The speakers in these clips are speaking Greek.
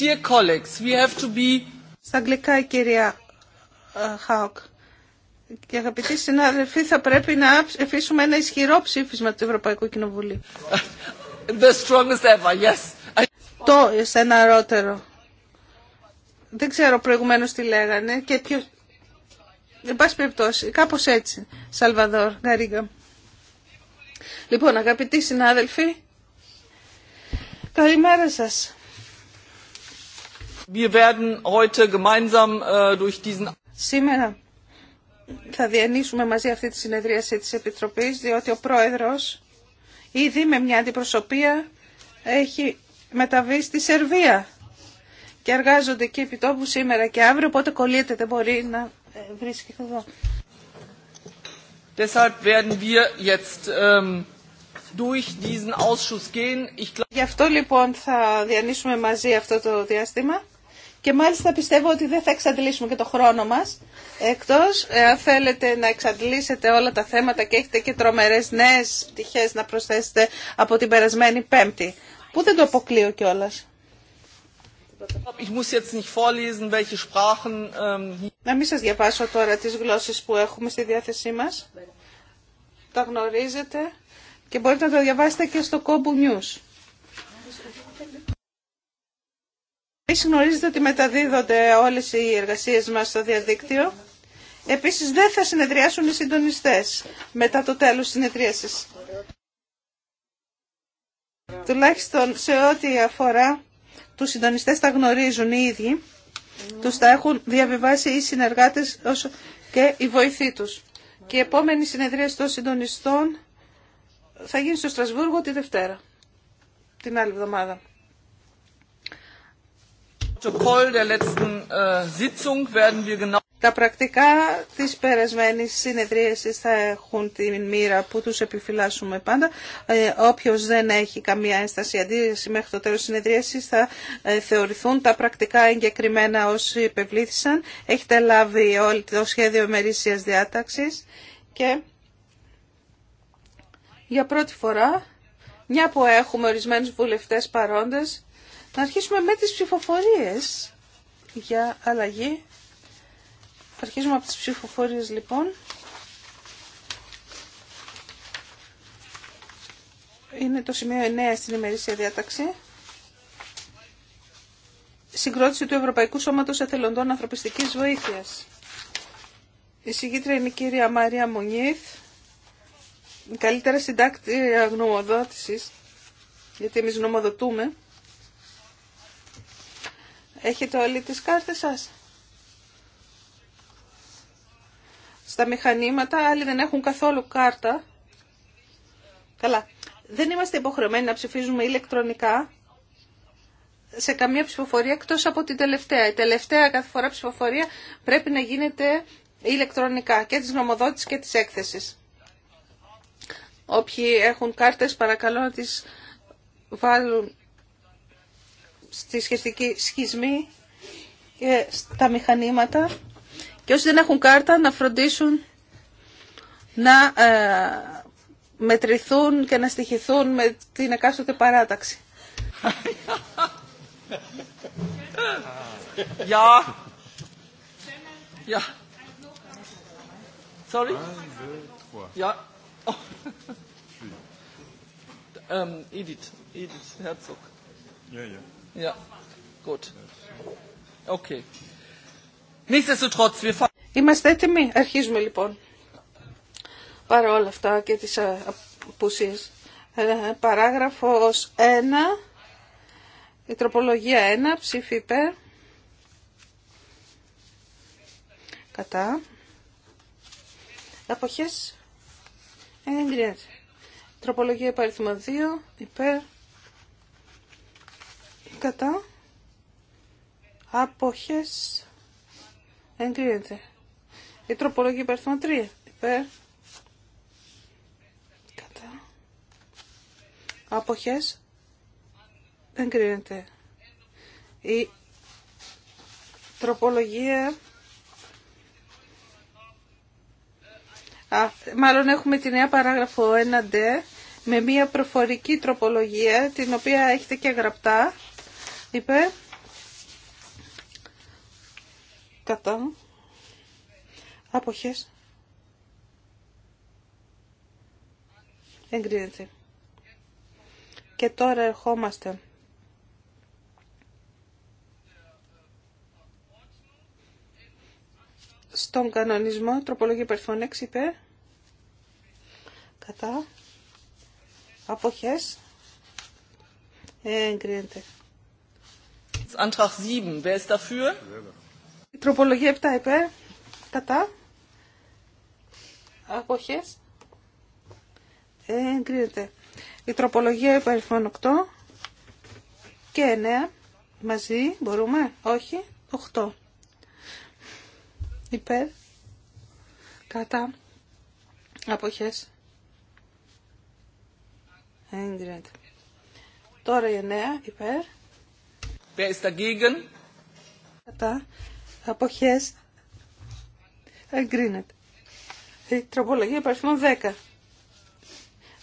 Dear colleagues, we have to be... Στα αγγλικά η κυρία ε, Χάουκ, Και αγαπητοί συνάδελφοι, θα πρέπει να εφήσουμε ένα ισχυρό ψήφισμα του Ευρωπαϊκού Κοινοβουλίου. The strongest ever, yes. Το στεναρότερο. Δεν ξέρω προηγουμένω τι λέγανε και ποιο. Εν πάση περιπτώσει, κάπω έτσι. Σαλβαδόρ γαρίγα. Λοιπόν, αγαπητοί συνάδελφοι, καλημέρα σας. Wir werden heute gemeinsam äh, durch diesen... Σήμερα θα διανύσουμε μαζί αυτή τη συνεδρίαση της Επιτροπής, διότι ο Πρόεδρος ήδη με μια αντιπροσωπεία έχει μεταβεί στη Σερβία και εργάζονται εκεί τόπου σήμερα και αύριο, οπότε κολλείται, δεν μπορεί να ε, βρίσκεται εδώ. Deshalb werden wir jetzt ähm, durch diesen Ausschuss gehen. Γι' αυτό λοιπόν θα διανύσουμε μαζί αυτό το διάστημα και μάλιστα πιστεύω ότι δεν θα εξαντλήσουμε και το χρόνο μας, εκτός ε, αν θέλετε να εξαντλήσετε όλα τα θέματα και έχετε και τρομερές νέες πτυχές να προσθέσετε από την περασμένη πέμπτη, που δεν το αποκλείω κιόλα. Ähm, να μην σας διαβάσω τώρα τις γλώσσες που έχουμε στη διάθεσή μας. Τα γνωρίζετε και μπορείτε να το διαβάσετε και στο Κόμπου News. Επίσης γνωρίζετε ότι μεταδίδονται όλες οι εργασίες μας στο διαδίκτυο. Επίσης δεν θα συνεδριάσουν οι συντονιστές μετά το τέλος της συνεδρίασης. Τουλάχιστον σε ό,τι αφορά τους συντονιστές τα γνωρίζουν οι ίδιοι. Τους τα έχουν διαβιβάσει οι συνεργάτες και οι βοηθοί τους. Και η επόμενη συνεδρίαση των συντονιστών θα γίνει στο Στρασβούργο τη Δευτέρα, την άλλη εβδομάδα. Äh, τα πρακτικά της περασμένης συνεδρίασης θα έχουν την μοίρα που τους επιφυλάσσουμε πάντα. Ε, όποιος δεν έχει καμία ένσταση αντίρρηση μέχρι το τέλος συνεδρίασης θα ε, θεωρηθούν τα πρακτικά εγκεκριμένα όσοι υπευλήθησαν. Έχετε λάβει όλο το σχέδιο ημερήσιας διάταξης και για πρώτη φορά, μια που έχουμε ορισμένους βουλευτές παρόντες, να αρχίσουμε με τις ψηφοφορίες για αλλαγή. Αρχίζουμε από τις ψηφοφορίες λοιπόν. Είναι το σημείο 9 στην ημερήσια διάταξη. Συγκρότηση του Ευρωπαϊκού Σώματος Εθελοντών Ανθρωπιστικής Βοήθειας. Η συγκήτρια είναι η κυρία Μαρία Μονίθ, καλύτερα συντάκτη αγνωμοδότησης, γιατί εμείς γνωμοδοτούμε. Έχετε όλοι τις κάρτες σας. Στα μηχανήματα άλλοι δεν έχουν καθόλου κάρτα. Καλά. Δεν είμαστε υποχρεωμένοι να ψηφίζουμε ηλεκτρονικά σε καμία ψηφοφορία εκτός από την τελευταία. Η τελευταία κάθε φορά ψηφοφορία πρέπει να γίνεται ηλεκτρονικά και της νομοδότησης και της έκθεσης. Όποιοι έχουν κάρτες παρακαλώ να τις βάλουν στη σχετική σχισμή και στα μηχανήματα και όσοι δεν έχουν κάρτα να φροντίσουν να ε, μετρηθούν και να στοιχηθούν με την εκάστοτε παράταξη. Γεια! Για! Sorry? Ja. Ε, Edith Herzog. Ja, Ja, gut. Okay. Nichtsdestotrotz, wir Είμαστε έτοιμοι. Αρχίζουμε λοιπόν. Παρά όλα αυτά και τις ε, απουσίες. Ε, παράγραφος 1. Η τροπολογία 1. Ψήφι υπέρ. Κατά. Αποχές. Ε, εγκριάζει Τροπολογία παριθμό 2. Υπέρ κατά αποχές εγκρίνεται. Η τροπολογία υπερθμό 3 κατά αποχές εγκρίνεται. Η τροπολογία Α, μάλλον έχουμε τη νέα παράγραφο 1D με μια προφορική τροπολογία την οποία έχετε και γραπτά Είπε κατά αποχές εγκρίνεται. Και τώρα ερχόμαστε στον κανονισμό τροπολογία υπερφών 6 κατά αποχές εγκρίνεται. Antrag 7. Wer ist dafür? Η τροπολογία 7 υπέρ. Κατά. Αποχέ. Ε, εγκρίνεται. Η τροπολογία υπέρ 8 και 9 μαζί. Μπορούμε. Όχι. 8. Υπέρ. Κατά. Αποχές. Εγκρίνεται. Τώρα η 9 υπέρ. Wer ist dagegen? Κατά. απόχέ. Εγκρίνεται. Η τροπολογία υπαριθμών 10.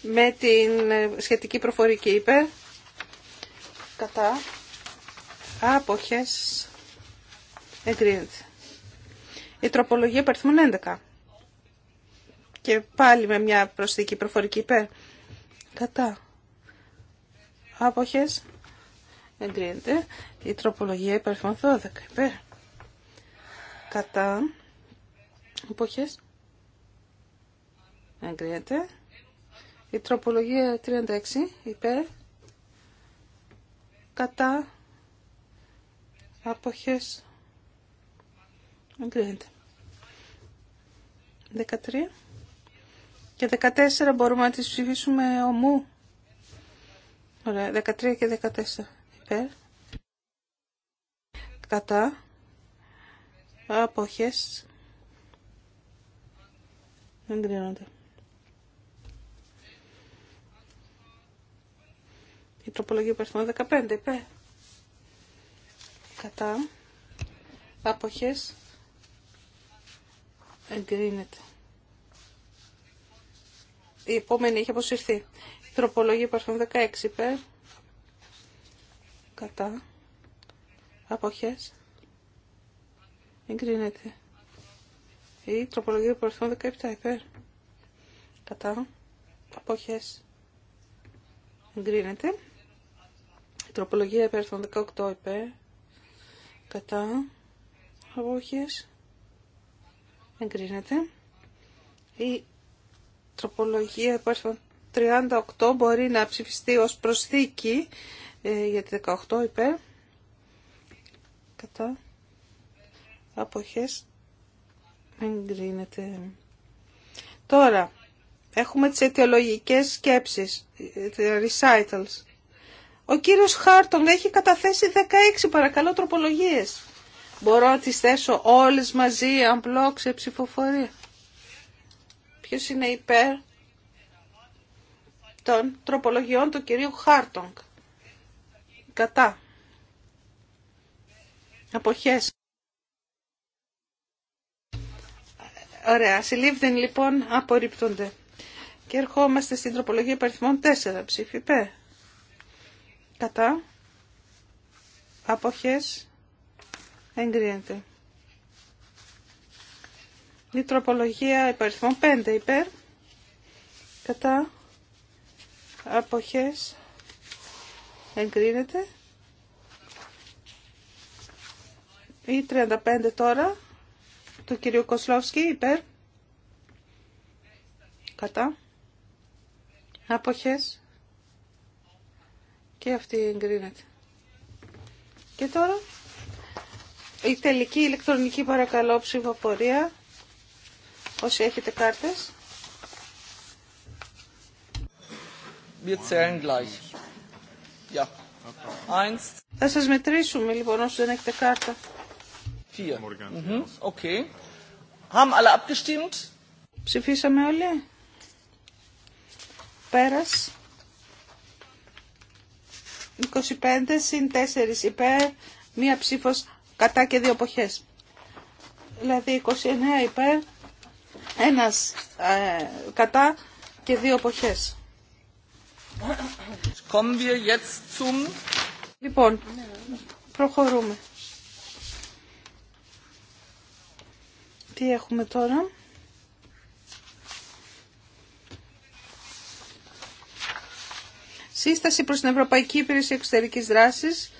Με την ε, σχετική προφορική υπέρ. Κατά. Αποχε. Εγκρίνεται. Η τροπολογία υπαριθμών 11. Και πάλι με μια προσθήκη προφορική υπέρ. Κατά. άποχε εγκρίνεται. Η τροπολογία υπαριθμών 12 υπέρ. Κατά εποχές εγκρίνεται. Η τροπολογία 36 υπέρ. Κατά αποχές εγκρίνεται. 13 και 14 μπορούμε να τις ψηφίσουμε ομού. Ωραία, 13 και 14 υπέρ κατά αποχές δεν Η τροπολογία υπερθμών 15 υπέρ κατά αποχές εγκρίνεται. Η επόμενη έχει αποσυρθεί. Η τροπολογία υπερθμών 16 υπέρ κατά αποχές εγκρίνεται η τροπολογία του 17 υπέρ κατά αποχές εγκρίνεται η τροπολογία υπέρ 18 υπέρ κατά αποχές εγκρίνεται η τροπολογία υπέρ 38 μπορεί να ψηφιστεί ως προσθήκη ε, για τη 18 υπέρ κατά αποχές εγκρίνεται. Τώρα, έχουμε τις αιτιολογικές σκέψεις, ε, recitals. Ο κύριος Χάρτον έχει καταθέσει 16 παρακαλώ τροπολογίες. Μπορώ να τις θέσω όλες μαζί, αν σε ψηφοφορία. Ποιος είναι υπέρ των τροπολογιών του κυρίου Χάρτονγκ κατά αποχές. Ωραία, συλλήφθεν λοιπόν απορρίπτονται. Και ερχόμαστε στην τροπολογία υπαριθμών 4, ψήφι Κατά. Αποχές. Εγκρίνεται. Η τροπολογία υπαριθμών 5, υπέρ. Κατά. Αποχές εγκρίνεται. Ή 35 τώρα, του κυρίου Κοσλόφσκι, υπέρ. Κατά. Αποχές. Και αυτή εγκρίνεται. Και τώρα, η 35 τωρα Το κύριο κοσλοφσκι υπερ παρακαλώ ψηφοφορία, όσοι έχετε κάρτες. Wir zählen θα σα μετρήσουμε λοιπόν όσο δεν έχετε κάρτα. Mhm. Ψηφίσαμε όλοι. Πέρας. 25 συν 4 υπέρ, μία ψήφος κατά και δύο εποχές. Δηλαδή 29 υπέρ, ένας ε, κατά και δύο εποχές. Kommen Λοιπόν, προχωρούμε. Τι έχουμε τώρα. Σύσταση προς την Ευρωπαϊκή Υπηρεσία Εξωτερικής Δράσης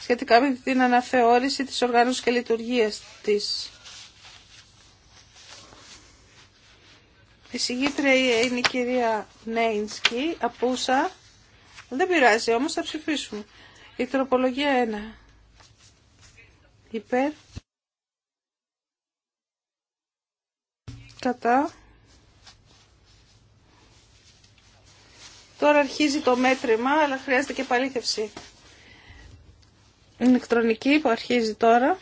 σχετικά με την αναθεώρηση της οργάνωσης και λειτουργίας της. Η συγγήτρια είναι η κυρία Νέινσκι, απούσα. Δεν πειράζει όμως, θα ψηφίσουμε. Η τροπολογία 1. Υπέρ. Κατά. Τώρα αρχίζει το μέτρημα, αλλά χρειάζεται και παλήθευση. Η ηλεκτρονική που αρχίζει τώρα.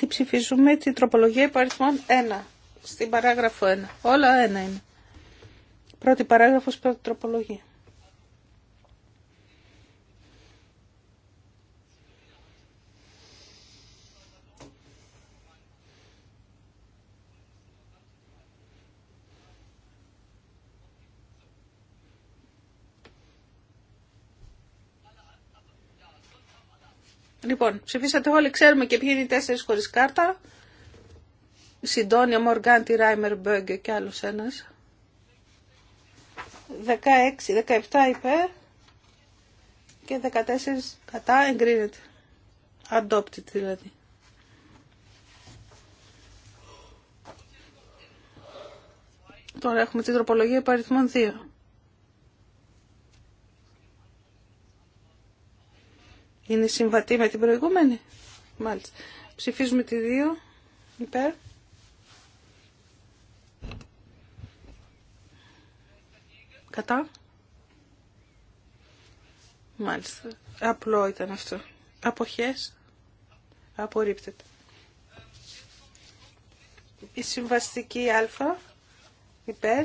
τι ψηφίζουμε την τροπολογία υπαριθμών 1, στην παράγραφο 1. Όλα 1 είναι. Πρώτη παράγραφος, πρώτη τροπολογία. Λοιπόν, ψηφίσατε όλοι, ξέρουμε και ποιοι είναι οι τέσσερι χωρί κάρτα. Συντόνια, Μοργάντη, Ράιμερ, Μπέγκε και άλλο 16, 17 υπέρ και 14 κατά εγκρίνεται. Adopted δηλαδή. Τώρα έχουμε την τροπολογία υπαριθμών 2. Είναι συμβατή με την προηγούμενη. Μάλιστα. Ψηφίζουμε τη 2. Υπέρ. Κατά. Μάλιστα. Απλό ήταν αυτό. Αποχές. Απορρίπτεται. Η συμβαστική α. Υπέρ.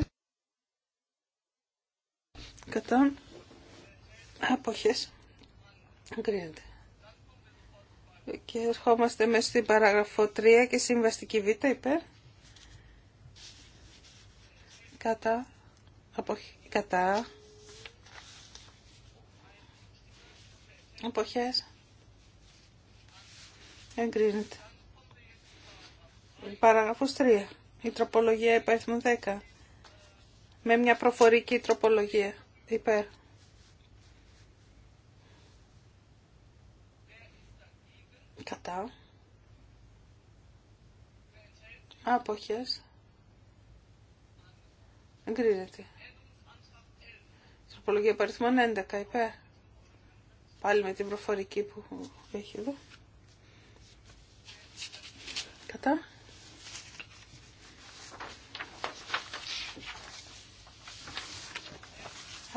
Κατά. Αποχές. Εγκρίνεται. Και ερχόμαστε μέσα στην παράγραφο 3 και συμβαστική β υπέρ. Κατά. Αποχ... Κατά. Αποχές. Εγκρίνεται. Παράγραφος 3. Η τροπολογία υπέρ 10. Με μια προφορική τροπολογία. Υπέρ. κατά άποχες εγκρίνεται τροπολογία παριθμών 11 Επέ. πάλι με την προφορική που έχει εδώ κατά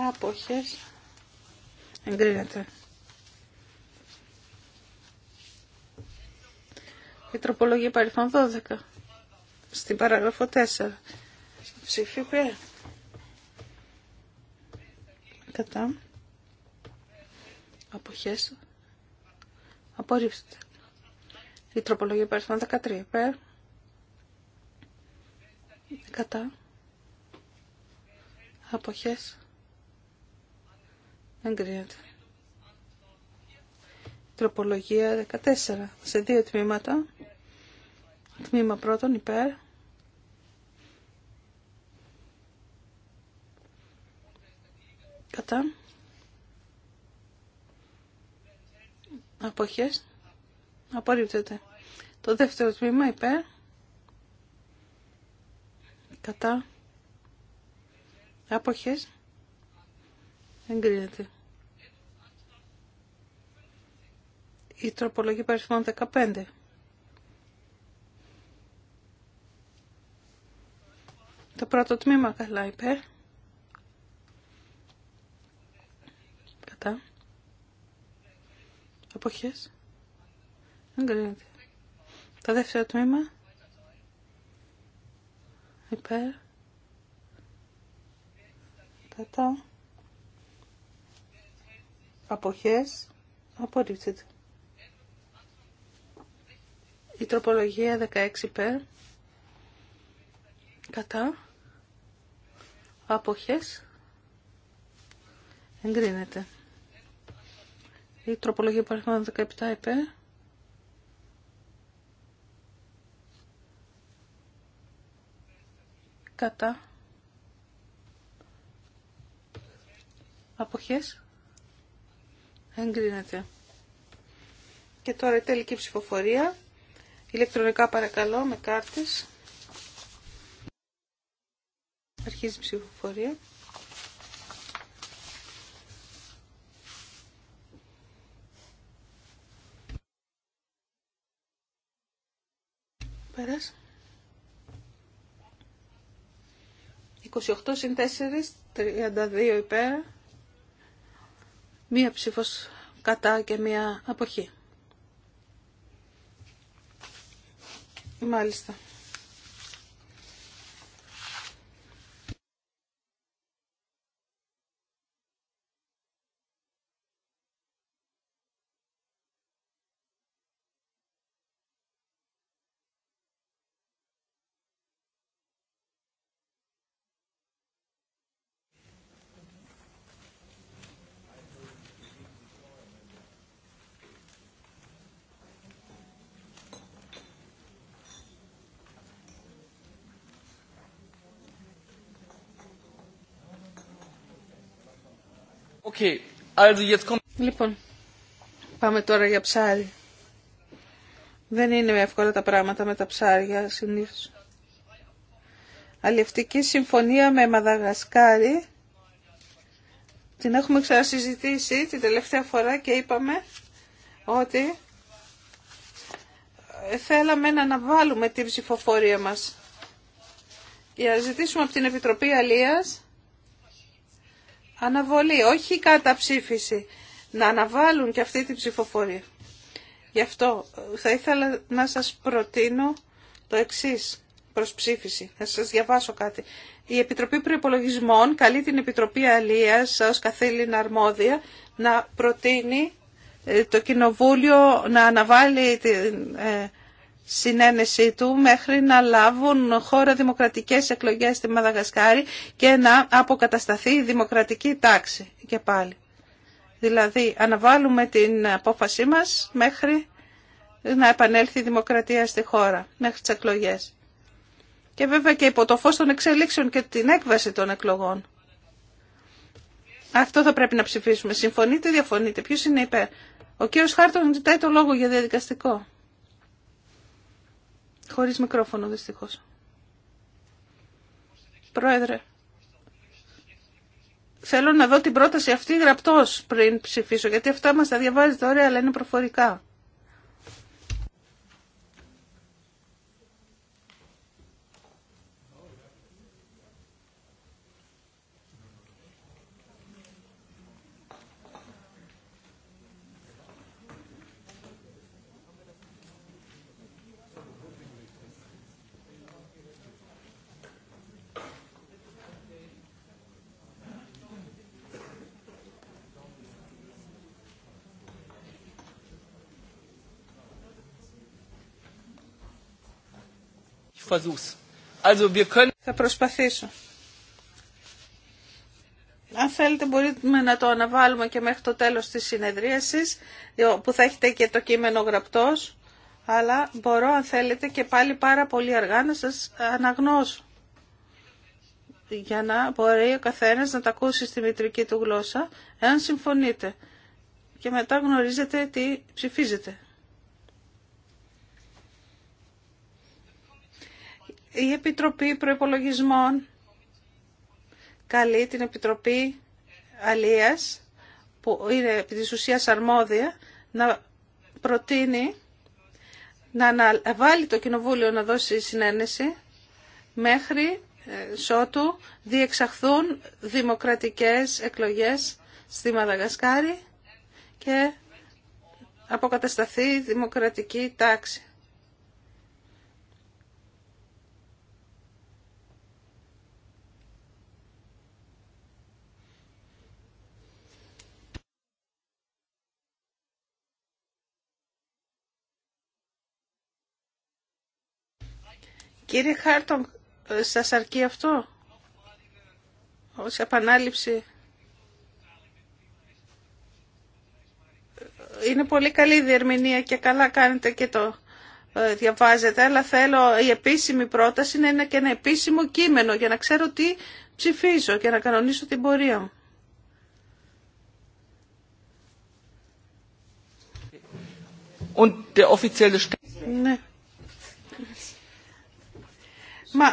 άποχες εγκρίνεται Η τροπολογία παρελθόν 12. Στην παράγραφο 4. ψήφιο Κατά. Αποχές. Απορρίψτε. Η τροπολογία παρελθόν 13. Πε. Κατά. Αποχές. Εγκρίνεται. Τροπολογία 14 σε δύο τμήματα. Τμήμα πρώτον υπέρ. Κατά. Αποχές. Απορρίπτεται. Το δεύτερο τμήμα υπέρ. Κατά. Αποχές. Εγκρίνεται. η τροπολογία περισσότερων 15. Το πρώτο τμήμα καλά υπέρ. Κατά. Αποχές. Εγκρίνεται. Το δεύτερο τμήμα. Υπέρ. Κατά. Αποχές. Απορρίπτεται. Η τροπολογία 16 υπέρ. Κατά. Αποχές. Εγκρίνεται. Η τροπολογία 17 υπέρ. Κατά. Αποχές. Εγκρίνεται. Και τώρα η τελική ψηφοφορία. Ηλεκτρονικά παρακαλώ με κάρτες. Αρχίζει η ψηφοφορία. πέρασε 28 συν 4, 32 υπέρ. Μία ψήφος κατά και μία αποχή. Μάλιστα. Λοιπόν, πάμε τώρα για ψάρι. Δεν είναι εύκολα τα πράγματα με τα ψάρια συνήθως. Αλληλευτική συμφωνία με Μαδαγασκάρι. Την έχουμε ξανασυζητήσει την τελευταία φορά και είπαμε ότι ε, θέλαμε να αναβάλουμε την ψηφοφορία μας. Για να ζητήσουμε από την Επιτροπή Αλίας Αναβολή, όχι καταψήφιση. Να αναβάλουν και αυτή την ψηφοφορία. Γι' αυτό ε, θα ήθελα να σας προτείνω το εξής προς ψήφιση. να σας διαβάσω κάτι. Η Επιτροπή Προϋπολογισμών καλεί την Επιτροπή Αλίας ως καθήλυνα αρμόδια να προτείνει ε, το Κοινοβούλιο να αναβάλει την ε, συνένεσή του μέχρι να λάβουν χώρα δημοκρατικές εκλογές στη Μαδαγασκάρη και να αποκατασταθεί η δημοκρατική τάξη και πάλι. Δηλαδή αναβάλουμε την απόφασή μας μέχρι να επανέλθει η δημοκρατία στη χώρα, μέχρι τις εκλογές. Και βέβαια και υπό το φως των εξελίξεων και την έκβαση των εκλογών. Αυτό θα πρέπει να ψηφίσουμε. Συμφωνείτε, διαφωνείτε. Ποιος είναι υπέρ. Ο κύριος Χάρτον ζητάει το λόγο για διαδικαστικό. Χωρίς μικρόφωνο δυστυχώς. Πρόεδρε, θέλω να δω την πρόταση αυτή γραπτός πριν ψηφίσω, γιατί αυτά μας τα διαβάζετε ωραία, αλλά είναι προφορικά. können... Θα προσπαθήσω. Αν θέλετε μπορείτε να το αναβάλουμε και μέχρι το τέλος της συνεδρίασης που θα έχετε και το κείμενο γραπτός αλλά μπορώ αν θέλετε και πάλι πάρα πολύ αργά να σας αναγνώσω για να μπορεί ο καθένας να τα ακούσει στη μητρική του γλώσσα εάν συμφωνείτε και μετά γνωρίζετε τι ψηφίζετε. Η Επιτροπή Προϋπολογισμών καλεί την Επιτροπή Αλίας, που είναι επί της ουσίας αρμόδια, να προτείνει να βάλει το Κοινοβούλιο να δώσει συνένεση μέχρι ε, σότου διεξαχθούν δημοκρατικές εκλογές στη Μαδαγασκάρη και αποκατασταθεί η δημοκρατική τάξη. Κύριε Χάρτον, σας αρκεί αυτό ως επανάληψη. Είναι πολύ καλή η διερμηνία και καλά κάνετε και το ε, διαβάζετε, αλλά θέλω η επίσημη πρόταση να είναι και ένα επίσημο κείμενο για να ξέρω τι ψηφίζω και να κανονίσω την πορεία μου. Und ναι. Μα,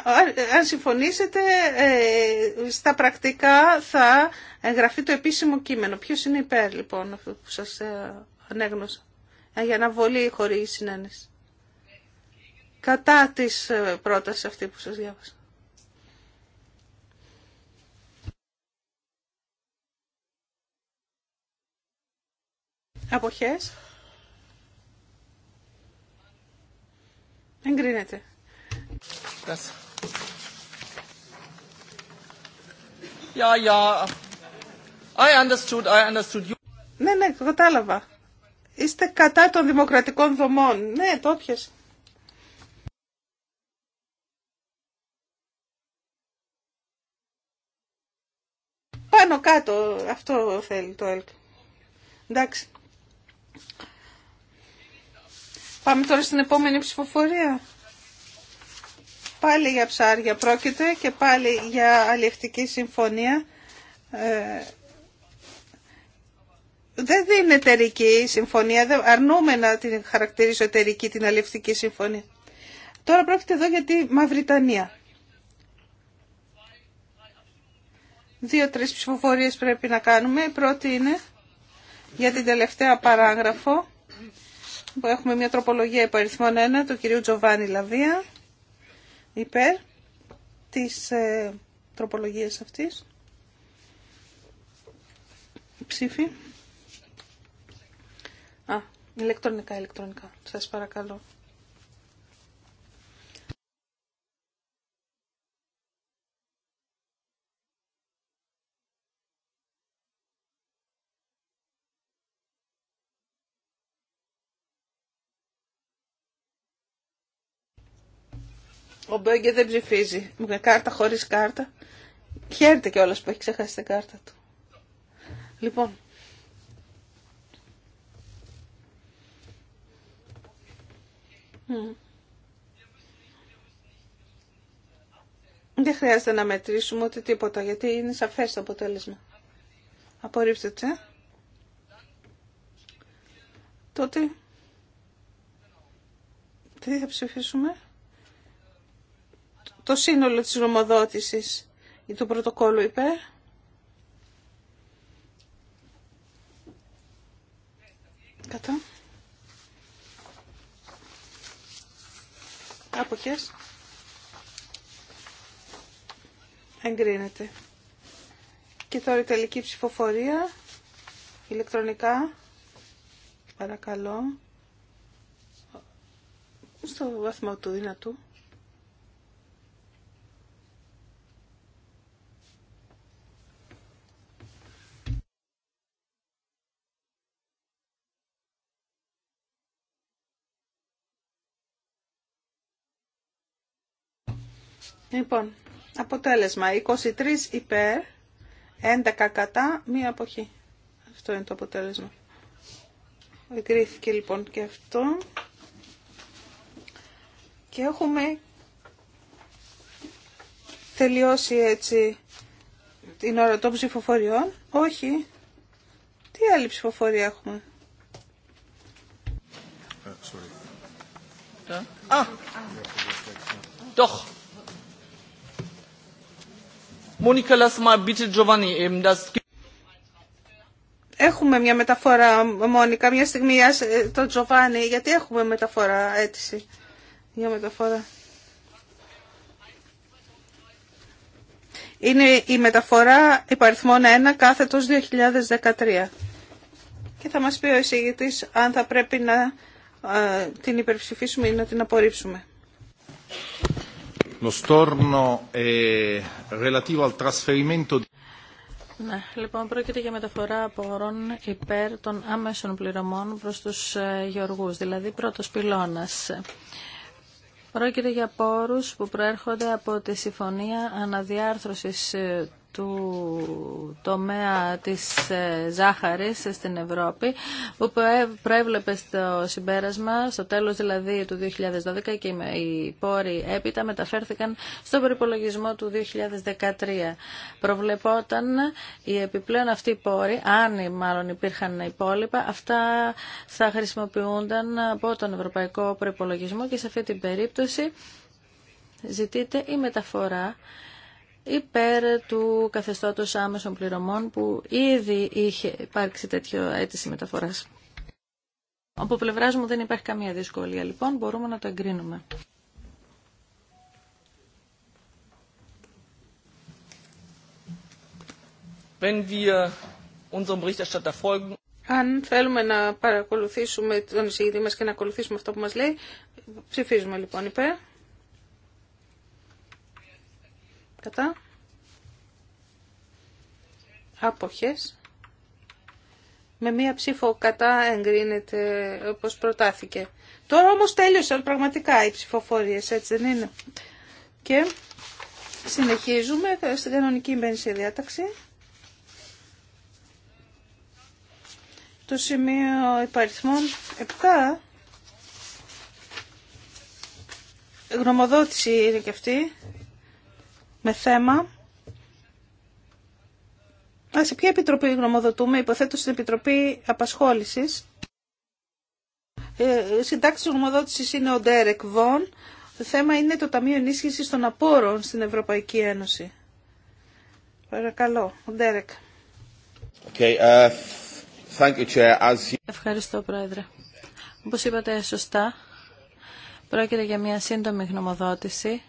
αν συμφωνήσετε, ε, στα πρακτικά θα εγγραφεί το επίσημο κείμενο. Ποιος είναι υπέρ, λοιπόν, αυτό που σας ε, ανέγνωσα, ε, για να βολεί χωρί συνένεση. Κατά της πρότασης αυτή που σας διάβασα. Αποχές. Εγκρίνεται. Das. Ja, ja. I understood, I understood you. Ναι, ναι, κατάλαβα. Είστε κατά των δημοκρατικών δομών. Ναι, το πιες. Πάνω κάτω, αυτό θέλει το ΕΛΚ. Εντάξει. Πάμε τώρα στην επόμενη ψηφοφορία. Πάλι για ψάρια πρόκειται και πάλι για αλληλευτική συμφωνία. Ε, δεν είναι εταιρική συμφωνία, δεν αρνούμε να την χαρακτηρίσω εταιρική την αλληλευτική συμφωνία. Τώρα πρόκειται εδώ για τη Μαυριτανία. Δύο-τρεις ψηφοφορίες πρέπει να κάνουμε. Η πρώτη είναι για την τελευταία παράγραφο που έχουμε μια τροπολογία υπαριθμών 1 του κυρίου Τζοβάνι Λαβία υπέρ της ε, τροπολογίας αυτής. Ψήφι. Α, ηλεκτρονικά, ηλεκτρονικά. Σας παρακαλώ. Ο Μπέγκε δεν ψηφίζει. Με κάρτα χωρίς κάρτα. Χαίρεται κιόλας που έχει ξεχάσει την κάρτα του. Λοιπόν. Mm. Δεν χρειάζεται να μετρήσουμε ούτε τίποτα, γιατί είναι σαφές το αποτέλεσμα. Απορρίψετε. Ε. Τότε, τι θα ψηφίσουμε το σύνολο της νομοδότησης ή του πρωτοκόλου υπέρ. Κατά. Άποχες. Εγκρίνεται. Και τώρα η τελική ψηφοφορία. Ηλεκτρονικά. Παρακαλώ. Στο βαθμό του πρωτοκόλλου υπερ κατα αποχες εγκρινεται και τωρα η τελικη ψηφοφορια ηλεκτρονικα παρακαλω στο βαθμο του δυνατου Λοιπόν, αποτέλεσμα 23 υπέρ, 11 κατά, μία αποχή. Αυτό είναι το αποτέλεσμα. Εγκρίθηκε λοιπόν και αυτό. Και έχουμε τελειώσει έτσι την ώρα των ψηφοφοριών. Όχι. Τι άλλη ψηφοφορία έχουμε. Ε, sorry. Ah. Μόνικα, lass mal bitte Giovanni eben Έχουμε μια μεταφορά, Μόνικα, μια στιγμή ε, το Τζοβάνι, γιατί έχουμε μεταφορά αίτηση Μια μεταφορά. Είναι η μεταφορά υπαριθμών 1 κάθετος 2013. Και θα μας πει ο εισηγητής αν θα πρέπει να ε, την υπερψηφίσουμε ή να την απορρίψουμε. Lo storno è relativo al trasferimento di... Ναι, λοιπόν, πρόκειται για μεταφορά απορών υπέρ των άμεσων πληρωμών προς τους ε, γεωργούς, δηλαδή πρώτος πυλώνας. Πρόκειται για πόρους που προέρχονται από τη Συμφωνία Αναδιάρθρωσης ε, του τομέα της ε, ζάχαρης στην Ευρώπη που προέβλεπε στο συμπέρασμα, στο τέλος δηλαδή του 2012 και οι πόροι έπειτα μεταφέρθηκαν στον προπολογισμό του 2013. Προβλεπόταν οι επιπλέον αυτοί οι πόροι, αν μάλλον υπήρχαν υπόλοιπα, αυτά θα χρησιμοποιούνταν από τον Ευρωπαϊκό Προπολογισμό και σε αυτή την περίπτωση ζητείται η μεταφορά υπέρ του καθεστώτος άμεσων πληρωμών που ήδη είχε υπάρξει τέτοιο αίτηση μεταφοράς. Από πλευρά μου δεν υπάρχει καμία δυσκολία, λοιπόν μπορούμε να το εγκρίνουμε. Wenn wir unserem folgen, αν θέλουμε να παρακολουθήσουμε τον εισηγητή μας και να ακολουθήσουμε αυτό που μας λέει, ψηφίζουμε λοιπόν υπέρ. κατά άποχες με μία ψήφο κατά εγκρίνεται όπως προτάθηκε. Τώρα όμως τέλειωσαν πραγματικά οι ψηφοφορίες, έτσι δεν είναι. Και συνεχίζουμε στην κανονική ημερήσια διάταξη. Το σημείο υπαριθμών 7. Γνωμοδότηση είναι και αυτή με θέμα... Α, σε ποια επιτροπή γνωμοδοτούμε, υποθέτω στην Επιτροπή Απασχόλησης. Ε, συντάξεις γνωμοδότησης είναι ο Ντέρεκ Βον. Το θέμα είναι το Ταμείο Ενίσχυσης των Απόρων στην Ευρωπαϊκή Ένωση. Παρακαλώ, ο Ντέρεκ. Okay, uh, thank you, Chair. As... Ευχαριστώ, Πρόεδρε. Όπως είπατε σωστά, πρόκειται για μια σύντομη γνωμοδότηση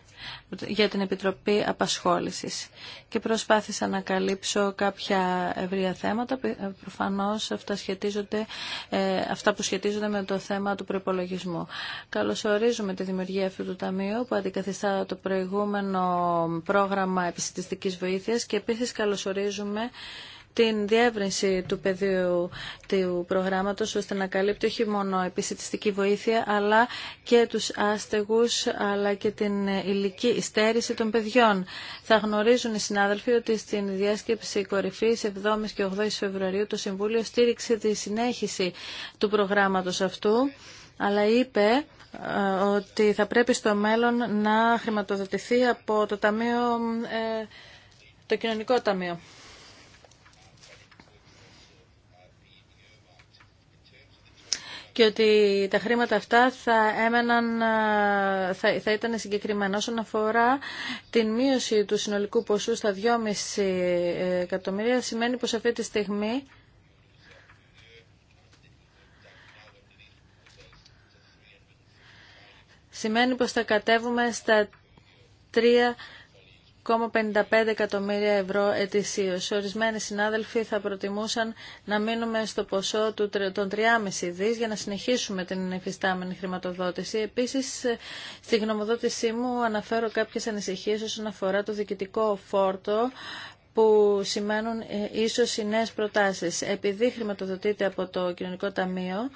για την Επιτροπή Απασχόλησης και προσπάθησα να καλύψω κάποια ευρεία θέματα. Ε, προφανώς αυτά, σχετίζονται, ε, αυτά που σχετίζονται με το θέμα του προπολογισμού. Καλωσορίζουμε τη δημιουργία αυτού του ταμείου που αντικαθιστά το προηγούμενο πρόγραμμα επιστημιστικής βοήθειας και επίσης καλωσορίζουμε την διεύρυνση του πεδίου του προγράμματος ώστε να καλύπτει όχι μόνο επιστημιστική βοήθεια αλλά και τους άστεγους αλλά και την ηλική στέρηση των παιδιών. Θα γνωρίζουν οι συνάδελφοι ότι στην διάσκεψη κορυφής και 8 η Φεβρουαρίου το Συμβούλιο στήριξε τη συνέχιση του προγράμματος αυτού αλλά είπε ε, ότι θα πρέπει στο μέλλον να χρηματοδοτηθεί από το, ταμείο, ε, το Κοινωνικό Ταμείο. και ότι τα χρήματα αυτά θα, έμεναν, θα, θα ήταν συγκεκριμένα. Όσον αφορά την μείωση του συνολικού ποσού στα 2,5 ε, εκατομμύρια, σημαίνει πως αυτή τη στιγμή σημαίνει πως θα κατέβουμε στα 3 1,55 εκατομμύρια ευρώ ετησίως. Ορισμένοι συνάδελφοι θα προτιμούσαν να μείνουμε στο ποσό του, των 3,5 δις για να συνεχίσουμε την εμφιστάμενη χρηματοδότηση. Επίσης, στη γνωμοδότησή μου αναφέρω κάποιες ανησυχίες όσον αφορά το διοικητικό φόρτο που σημαίνουν ε, ίσως οι νέες προτάσεις. Επειδή χρηματοδοτείται από το Κοινωνικό Ταμείο,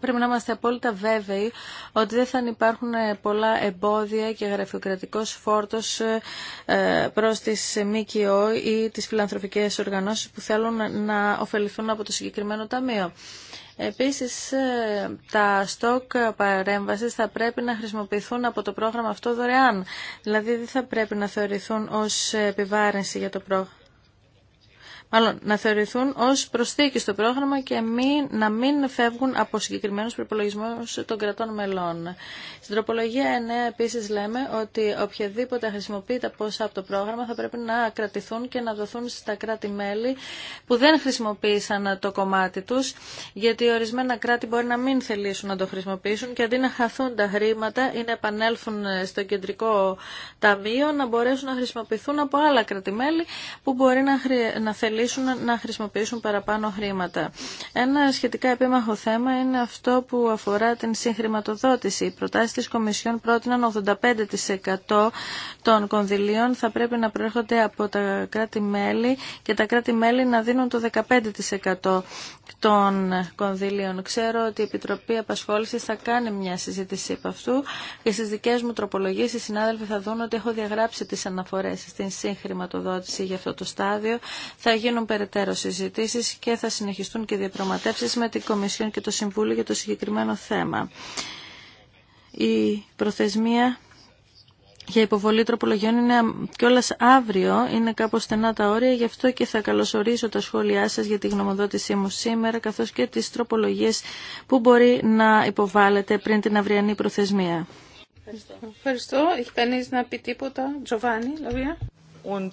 πρέπει να είμαστε απόλυτα βέβαιοι ότι δεν θα υπάρχουν ε, πολλά εμπόδια και γραφειοκρατικός φόρτος ε, ε, προς τις ΜΚΟ ή τις φιλανθρωπικές οργανώσεις που θέλουν να ωφεληθούν από το συγκεκριμένο ταμείο. Επίσης, τα στόκ παρέμβαση θα πρέπει να χρησιμοποιηθούν από το πρόγραμμα αυτό δωρεάν. Δηλαδή, δεν θα πρέπει να θεωρηθούν ως επιβάρυνση για το πρόγραμμα μάλλον να θεωρηθούν ως προσθήκη στο πρόγραμμα και μην, να μην φεύγουν από συγκεκριμένους προπολογισμού των κρατών μελών. Στην τροπολογία 9 επίσης λέμε ότι οποιαδήποτε χρησιμοποιείται πόσα από το πρόγραμμα θα πρέπει να κρατηθούν και να δοθούν στα κράτη-μέλη που δεν χρησιμοποίησαν το κομμάτι τους, γιατί ορισμένα κράτη μπορεί να μην θελήσουν να το χρησιμοποιήσουν και αντί να χαθούν τα χρήματα ή να επανέλθουν στο κεντρικό ταμείο, να μπορέσουν να χρησιμοποιηθούν από άλλα που μπορεί να, χρη... να θελήσουν να χρησιμοποιήσουν παραπάνω χρήματα. Ένα σχετικά επίμαχο θέμα είναι αυτό που αφορά την συγχρηματοδότηση. Οι προτάσει τη Κομισιόν πρότειναν 85% των κονδυλίων θα πρέπει να προέρχονται από τα κράτη-μέλη και τα κράτη-μέλη να δίνουν το 15% των κονδυλίων. Ξέρω ότι η Επιτροπή Απασχόληση θα κάνει μια συζήτηση από αυτού και στι δικέ μου τροπολογίε, οι συνάδελφοι θα δουν ότι έχω διαγράψει τι αναφορέ στην συγχρηματοδότηση για αυτό το στάδιο. Θα γίνουν περαιτέρω συζητήσει και θα συνεχιστούν και διαπραγματεύσει με την Κομισιόν και το Συμβούλιο για το συγκεκριμένο θέμα. Η προθεσμία για υποβολή τροπολογιών είναι κιόλα αύριο, είναι κάπως στενά τα όρια, γι' αυτό και θα καλωσορίσω τα σχόλιά σας για τη γνωμοδότησή μου σήμερα, καθώς και τις τροπολογίες που μπορεί να υποβάλλετε πριν την αυριανή προθεσμία. Ευχαριστώ. Ευχαριστώ. Έχει κανείς να πει τίποτα. Τζοβάνι, Λαβία. Und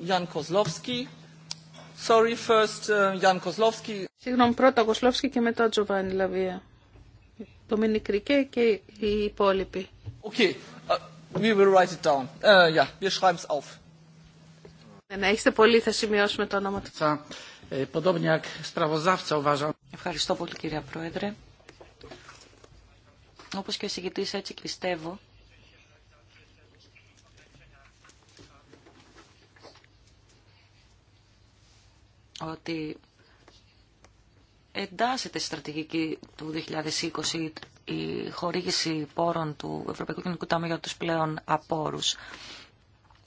Jan Kozlowski. Sorry, first uh, Jan Kozlowski. Συγγνώμη, πρώτα ο Κοσλόφσκι και μετά Τζοβάνι Λαβία. Το Μινικρικέ και οι υπόλοιποι. Okay, uh, we will write it down. Uh, yeah, wir schreiben es auf. Ναι, ναι είστε πολύ, θα σημειώσουμε το όνομα του. Ε, Ευχαριστώ πολύ κυρία Πρόεδρε. Όπως και ο συγκητής έτσι πιστεύω ότι εντάσσεται στη στρατηγική του 2020 η χορήγηση πόρων του Ευρωπαϊκού Κοινωνικού Ταμείου για τους πλέον απόρους.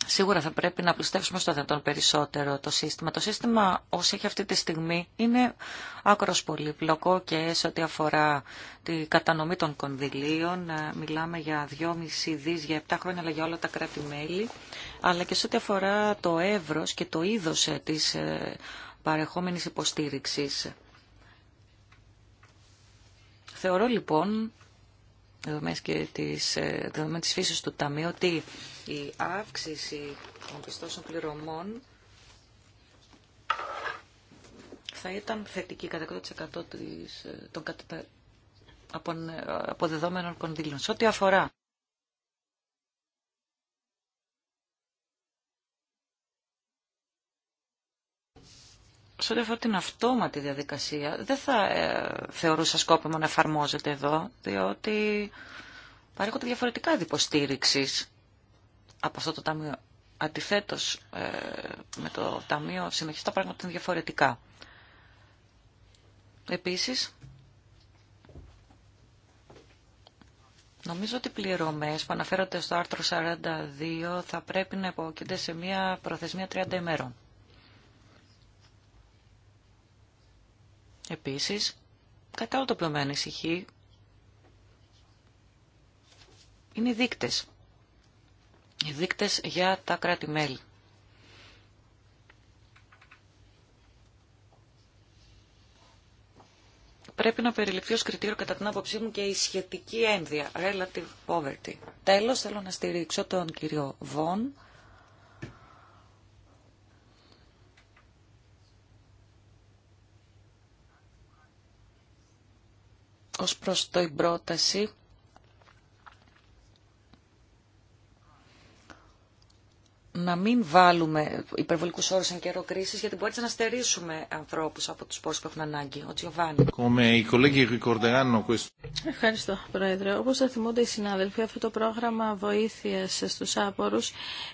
Σίγουρα θα πρέπει να πλουστεύσουμε στο δυνατόν περισσότερο το σύστημα. Το σύστημα όσο έχει αυτή τη στιγμή είναι άκρος πολύπλοκο και σε ό,τι αφορά τη κατανομή των κονδυλίων. Ε, μιλάμε για 2,5 δις για 7 χρόνια αλλά για όλα τα κράτη-μέλη. Αλλά και σε ό,τι αφορά το εύρος και το είδος ε, της ε, παρεχόμενης υποστήριξης. Θεωρώ λοιπόν, δεδομένης και της, ε, δεδομένης φύσης του Ταμείου, ότι η αύξηση των πιστώσεων πληρωμών θα ήταν θετική κατά 100% ε, των ε, αποδεδόμενων κονδύλων. Σε ό,τι αφορά σε ό,τι αφορά την αυτόματη διαδικασία, δεν θα ε, θεωρούσα σκόπιμο να εφαρμόζεται εδώ, διότι παρέχονται διαφορετικά υποστήριξη από αυτό το ταμείο. Αντιθέτω, ε, με το ταμείο συνεχίζει τα πράγματα διαφορετικά. Επίσης, Νομίζω ότι οι πληρωμές που αναφέρονται στο άρθρο 42 θα πρέπει να υποκίνονται σε μια προθεσμία 30 ημέρων. Επίσης, όλο το πλωμένο ανησυχεί είναι οι δείκτες. Οι για τα κράτη-μέλη. Πρέπει να περιληφθεί ως κριτήριο κατά την άποψή μου και η σχετική ένδυα, relative poverty. Τέλος, θέλω να στηρίξω τον κύριο Βον ως προς το πρόταση να μην βάλουμε υπερβολικού όρου εν καιρό κρίση, γιατί μπορεί να στερήσουμε ανθρώπου από του πόρου που έχουν ανάγκη. Ο Τζιοβάνι. Ευχαριστώ, Πρόεδρε. Όπω θα θυμούνται οι συνάδελφοι, αυτό το πρόγραμμα βοήθεια στου άπορου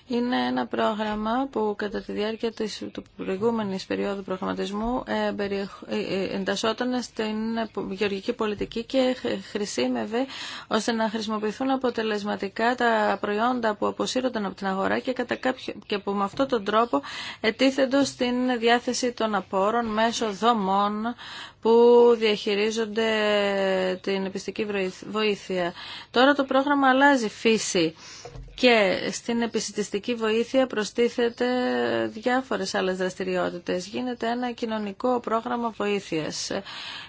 είναι ένα πρόγραμμα που κατά τη διάρκεια της, του προηγούμενη περίοδου προγραμματισμού ε, ε, ε, εντασσόταν στην γεωργική πολιτική και χρησιμεύε ώστε να χρησιμοποιηθούν αποτελεσματικά τα προϊόντα που αποσύρονταν από την αγορά και κατά και που με αυτόν τον τρόπο ετίθεντο στην διάθεση των απόρων μέσω δομών που διαχειρίζονται την επιστική βοήθεια. Τώρα το πρόγραμμα αλλάζει φύση και στην επιστηστική βοήθεια προστίθεται διάφορες άλλες δραστηριότητες. Γίνεται ένα κοινωνικό πρόγραμμα βοήθειας.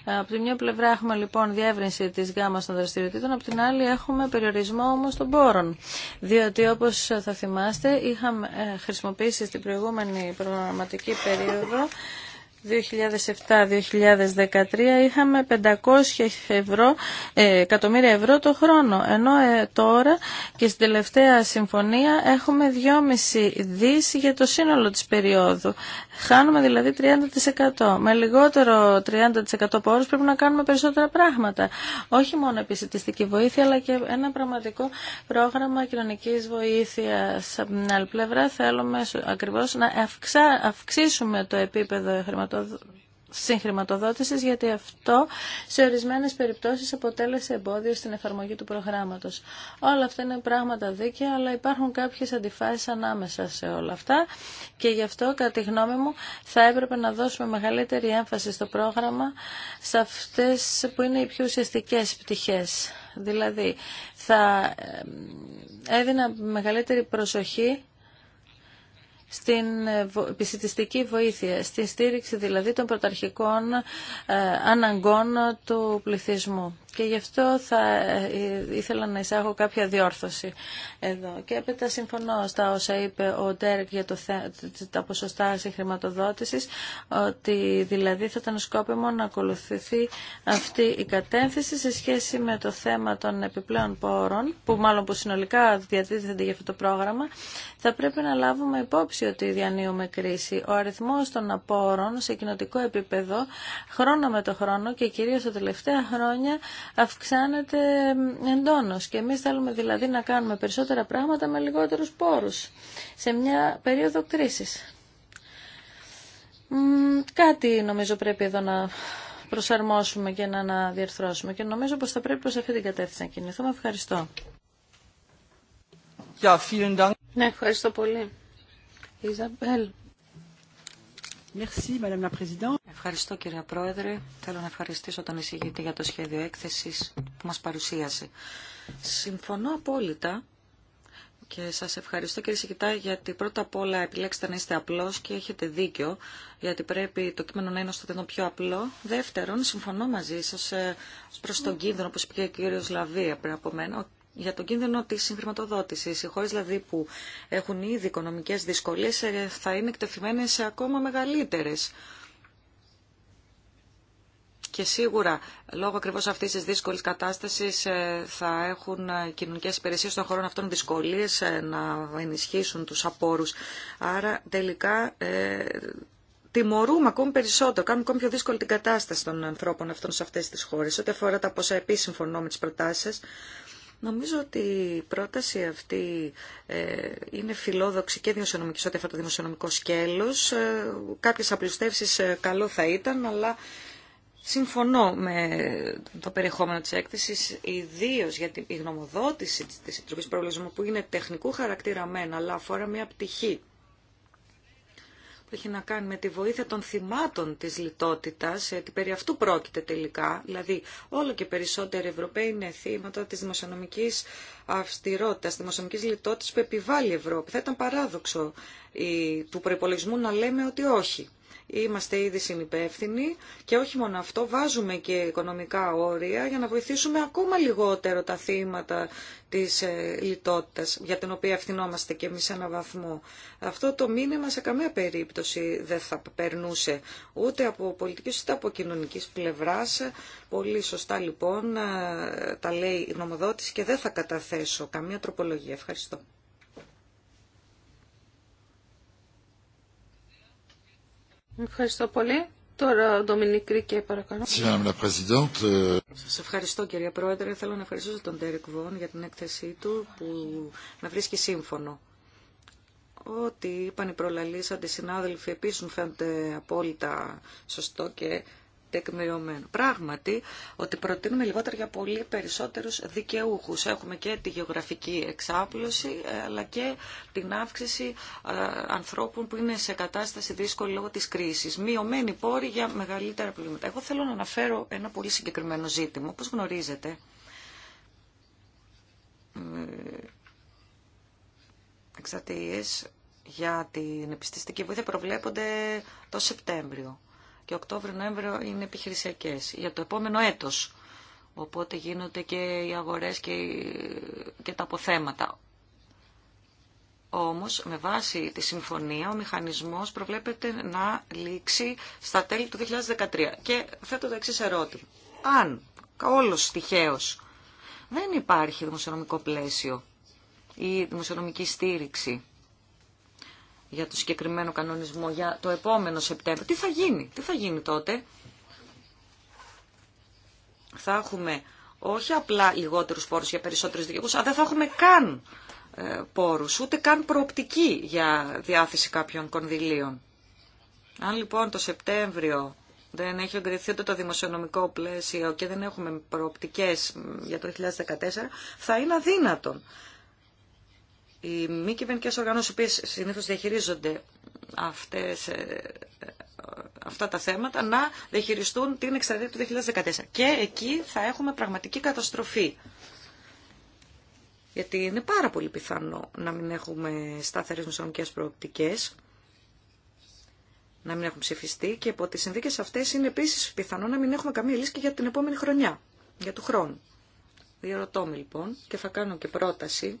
Από τη μια πλευρά έχουμε λοιπόν διεύρυνση της γάμας των δραστηριοτήτων, από την άλλη έχουμε περιορισμό όμως των πόρων. Διότι όπως θα θυμάστε είχαμε ε, χρησιμοποιήσει στην προηγούμενη προγραμματική περίοδο 2007-2013 είχαμε 500 ευρώ, ε, εκατομμύρια ευρώ το χρόνο, ενώ ε, τώρα και στην τελευταία συμφωνία έχουμε 2,5 δις για το σύνολο της περίοδου. Χάνουμε δηλαδή 30%. Με λιγότερο 30% πόρους πρέπει να κάνουμε περισσότερα πράγματα. Όχι μόνο επισητιστική βοήθεια, αλλά και ένα πραγματικό πρόγραμμα κοινωνικής βοήθειας. Από την άλλη πλευρά θέλουμε ακριβώς να αυξήσουμε το επίπεδο χρηματοδότησης συγχρηματοδότησης γιατί αυτό σε ορισμένες περιπτώσεις αποτέλεσε εμπόδιο στην εφαρμογή του προγράμματος. Όλα αυτά είναι πράγματα δίκαια αλλά υπάρχουν κάποιες αντιφάσεις ανάμεσα σε όλα αυτά και γι' αυτό κατά τη γνώμη μου θα έπρεπε να δώσουμε μεγαλύτερη έμφαση στο πρόγραμμα σε αυτές που είναι οι πιο ουσιαστικέ πτυχές. Δηλαδή θα έδινα μεγαλύτερη προσοχή στην ε, επισητιστική βοήθεια, στη στήριξη δηλαδή των πρωταρχικών ε, αναγκών του πληθυσμού και γι' αυτό θα ε, ήθελα να εισάγω κάποια διόρθωση εδώ. Και έπειτα συμφωνώ στα όσα είπε ο Ντέρεκ για το θε... τα ποσοστά συγχρηματοδότησης, ότι δηλαδή θα ήταν σκόπιμο να ακολουθηθεί αυτή η κατένθεση σε σχέση με το θέμα των επιπλέον πόρων, που μάλλον που συνολικά διατίθεται για αυτό το πρόγραμμα, θα πρέπει να λάβουμε υπόψη ότι διανύουμε κρίση. Ο αριθμός των απόρων σε κοινοτικό επίπεδο, χρόνο με το χρόνο και κυρίως τα τελευταία χρόνια, αυξάνεται εντόνως και εμείς θέλουμε δηλαδή να κάνουμε περισσότερα πράγματα με λιγότερους πόρους σε μια περίοδο κρίσης. Κάτι νομίζω πρέπει εδώ να προσαρμόσουμε και να αναδιαρθρώσουμε και νομίζω πως θα πρέπει προς αυτή την κατεύθυνση να κινηθούμε. Ευχαριστώ. Ναι, ευχαριστώ πολύ. Ιζαμπέλ Ευχαριστώ κύριε Πρόεδρε. Θέλω να ευχαριστήσω τον εισηγητή για το σχέδιο έκθεσης που μας παρουσίασε. Συμφωνώ απόλυτα και σας ευχαριστώ κύριε Σικητά γιατί πρώτα απ' όλα επιλέξετε να είστε απλός και έχετε δίκιο γιατί πρέπει το κείμενο να είναι στο τέτοιο πιο απλό. Δεύτερον, συμφωνώ μαζί σας ε, προς τον κίνδυνο όπως είπε ο κύριος Λαβία πριν από μένα για τον κίνδυνο της συγχρηματοδότησης. Οι χώρες δηλαδή που έχουν ήδη οικονομικές δυσκολίες ε, θα είναι εκτεθειμένες σε ακόμα μεγαλύτερες. Και σίγουρα λόγω ακριβώ αυτή τη δύσκολη κατάσταση ε, θα έχουν ε, κοινωνικέ υπηρεσίε των χωρών αυτών δυσκολίε να ενισχύσουν του απόρου. Άρα τελικά τιμωρούμε ακόμη περισσότερο, κάνουμε ακόμη πιο δύσκολη την κατάσταση των ανθρώπων αυτών σε αυτέ τι χώρε. Ό,τι αφορά τα ποσά, επίση συμφωνώ με τι προτάσει Νομίζω ότι η πρόταση αυτή ε, είναι φιλόδοξη και δημοσιονομική ό,τι αφορά το δημοσιονομικό σκέλος. Ε, κάποιες απλουστεύσεις ε, καλό θα ήταν, αλλά συμφωνώ με το περιεχόμενο της έκθεσης, ιδίω για την γνωμοδότηση της Επιτροπής Προβλησμού που είναι τεχνικού χαρακτήρα μεν, αλλά αφορά μια πτυχή που έχει να κάνει με τη βοήθεια των θυμάτων της λιτότητας, γιατί ε, περί αυτού πρόκειται τελικά, δηλαδή όλο και περισσότεροι Ευρωπαίοι είναι θύματα της δημοσιονομικής αυστηρότητας, της δημοσιονομικής λιτότητας που επιβάλλει η Ευρώπη. Θα ήταν παράδοξο του προπολογισμού να λέμε ότι όχι. Είμαστε ήδη συνυπεύθυνοι και όχι μόνο αυτό, βάζουμε και οικονομικά όρια για να βοηθήσουμε ακόμα λιγότερο τα θύματα της ε, λιτότητας, για την οποία ευθυνόμαστε και εμείς σε έναν βαθμό. Αυτό το μήνυμα σε καμία περίπτωση δεν θα περνούσε ούτε από πολιτική, ούτε από κοινωνική πλευράς. Πολύ σωστά λοιπόν ε, τα λέει η και δεν θα καταθέσω καμία τροπολογία. Ευχαριστώ. Ευχαριστώ πολύ. Τώρα ο Ντομινίκ Ρίκε, παρακαλώ. Σας ευχαριστώ κυρία Πρόεδρε. Θέλω να ευχαριστήσω τον Τέρικ Βον για την έκθεσή του που να βρίσκει σύμφωνο. Ό,τι είπαν οι προλαλήσαντε συνάδελφοι επίση μου φαίνεται απόλυτα σωστό και Πράγματι, ότι προτείνουμε λιγότερο για πολύ περισσότερου δικαιούχου. Έχουμε και τη γεωγραφική εξάπλωση, αλλά και την αύξηση ε, ανθρώπων που είναι σε κατάσταση δύσκολη λόγω της κρίσης. Μειωμένοι πόροι για μεγαλύτερα προβλήματα. Εγώ θέλω να αναφέρω ένα πολύ συγκεκριμένο ζήτημα. Όπω γνωρίζετε, ε, εξαρτήσει για την επιστηστική βοήθεια προβλέπονται το Σεπτέμβριο και Οκτώβριο-Νοέμβριο είναι επιχειρησιακές για το επόμενο έτος. Οπότε γίνονται και οι αγορές και, τα αποθέματα. Όμως, με βάση τη συμφωνία, ο μηχανισμός προβλέπεται να λήξει στα τέλη του 2013. Και θέτω το εξή ερώτημα. Αν, όλος τυχαίως, δεν υπάρχει δημοσιονομικό πλαίσιο ή δημοσιονομική στήριξη για το συγκεκριμένο κανονισμό για το επόμενο Σεπτέμβριο. Τι θα γίνει, τι θα γίνει τότε. Θα έχουμε όχι απλά λιγότερους πόρους για περισσότερου δικαιούς, αλλά δεν θα έχουμε καν ε, πόρους, ούτε καν προοπτική για διάθεση κάποιων κονδυλίων. Αν λοιπόν το Σεπτέμβριο δεν έχει εγκριθεί ούτε το δημοσιονομικό πλαίσιο και δεν έχουμε προοπτικές για το 2014, θα είναι αδύνατον οι μη κυβερνικέ οργανώσει, οι οποίε συνήθω διαχειρίζονται αυτές, ε, αυτά τα θέματα, να διαχειριστούν την εξαρτήτη του 2014. Και εκεί θα έχουμε πραγματική καταστροφή. Γιατί είναι πάρα πολύ πιθανό να μην έχουμε σταθερέ μεσονομικέ προοπτικέ, να μην έχουν ψηφιστεί και υπό τι συνδίκε αυτέ είναι επίση πιθανό να μην έχουμε καμία λύση και για την επόμενη χρονιά, για του χρόνου. Διαρωτώ λοιπόν και θα κάνω και πρόταση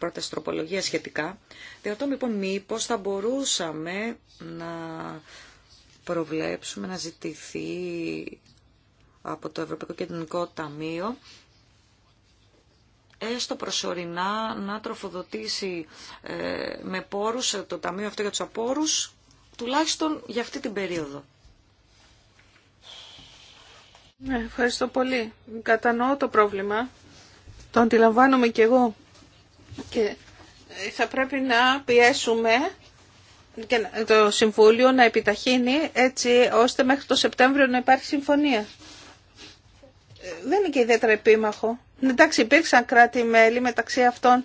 πρώτες τροπολογία σχετικά. Διερωτώ λοιπόν μήπως θα μπορούσαμε να προβλέψουμε να ζητηθεί από το Ευρωπαϊκό Κεντρικό Ταμείο έστω προσωρινά να τροφοδοτήσει ε, με πόρους το Ταμείο αυτό για τους απόρους τουλάχιστον για αυτή την περίοδο. Ναι, ευχαριστώ πολύ. Κατανοώ το πρόβλημα. Το αντιλαμβάνομαι και εγώ. Και θα πρέπει να πιέσουμε και το Συμβούλιο να επιταχύνει έτσι ώστε μέχρι το Σεπτέμβριο να υπάρχει συμφωνία. Δεν είναι και ιδιαίτερα επίμαχο. Εντάξει, υπήρξαν κράτη-μέλη μεταξύ αυτών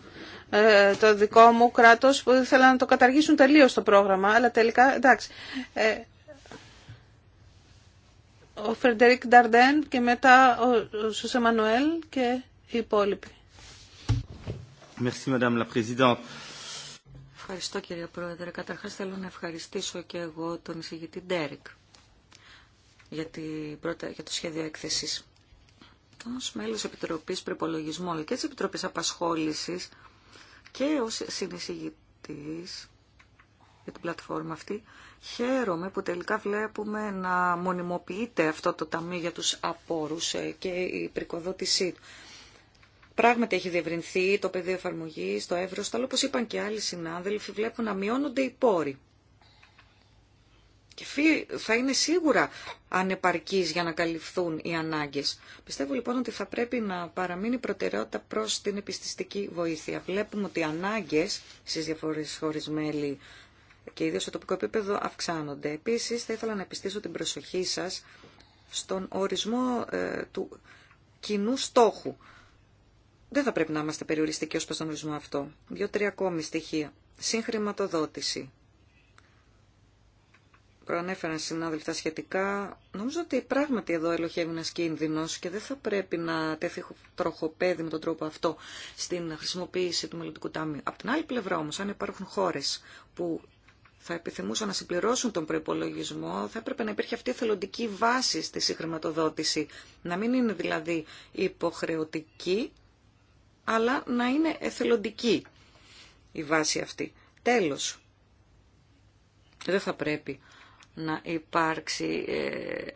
ε, το δικό μου κράτος που ήθελαν να το καταργήσουν τελείως το πρόγραμμα, αλλά τελικά εντάξει. Ε, ο Φρεντερίκ Νταρντέν και μετά ο Σουσέ Μανουέλ και οι υπόλοιποι. Ευχαριστώ κύριε Πρόεδρε. Καταρχάς θέλω να ευχαριστήσω και εγώ τον εισηγητή Ντέρικ για, για το σχέδιο έκθεσης. Ως μέλος Επιτροπής Προπολογισμών και της Επιτροπής Απασχόλησης και ως συνεισηγητής για την πλατφόρμα αυτή, χαίρομαι που τελικά βλέπουμε να μονιμοποιείται αυτό το ταμείο για τους απόρους ε, και η πρικοδότησή του. Πράγματι έχει διευρυνθεί το πεδίο εφαρμογή, το εύρωσταλ, όπω είπαν και άλλοι συνάδελφοι, βλέπουν να μειώνονται οι πόροι. Και θα είναι σίγουρα ανεπαρκή για να καλυφθούν οι ανάγκε. Πιστεύω λοιπόν ότι θα πρέπει να παραμείνει προτεραιότητα προ την επιστηστική βοήθεια. Βλέπουμε ότι οι ανάγκε στι διαφορέ χώρε μέλη και ιδίω στο τοπικό επίπεδο αυξάνονται. Επίση, θα ήθελα να επιστήσω την προσοχή σα στον ορισμό ε, του κοινού στόχου δεν θα πρέπει να είμαστε περιοριστικοί ως προς τον ορισμό αυτό. Δύο-τρία ακόμη στοιχεία. Συγχρηματοδότηση. Προανέφεραν συνάδελφοι τα σχετικά. Νομίζω ότι πράγματι εδώ ελοχεύει ένα κίνδυνο και δεν θα πρέπει να τέθει τροχοπέδι με τον τρόπο αυτό στην χρησιμοποίηση του μελλοντικού ταμείου. Από την άλλη πλευρά όμω, αν υπάρχουν χώρε που θα επιθυμούσαν να συμπληρώσουν τον προπολογισμό, θα έπρεπε να υπήρχε αυτή η θελοντική βάση στη συγχρηματοδότηση. Να μην είναι δηλαδή υποχρεωτική, αλλά να είναι εθελοντική η βάση αυτή. Τέλος, δεν θα πρέπει να υπάρξει ε,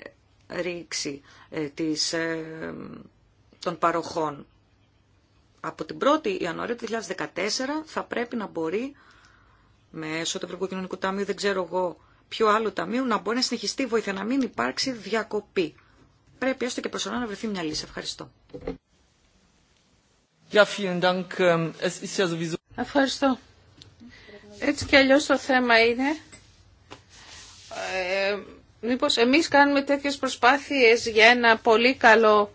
ρήξη ε, της, ε, των παροχών. Από την 1η Ιανουαρίου 2014 θα πρέπει να μπορεί μέσω του Ευρωπαϊκού Ταμείου, δεν ξέρω εγώ ποιο άλλο ταμείο, να μπορεί να συνεχιστεί η βοήθεια, να μην υπάρξει διακοπή. Πρέπει έστω και προσωρινά να βρεθεί μια λύση. Ευχαριστώ. Ähm, ευχαριστώ. Έτσι κι αλλιώς το θέμα είναι ε, μήπως εμείς κάνουμε τέτοιες προσπάθειες για ένα πολύ καλό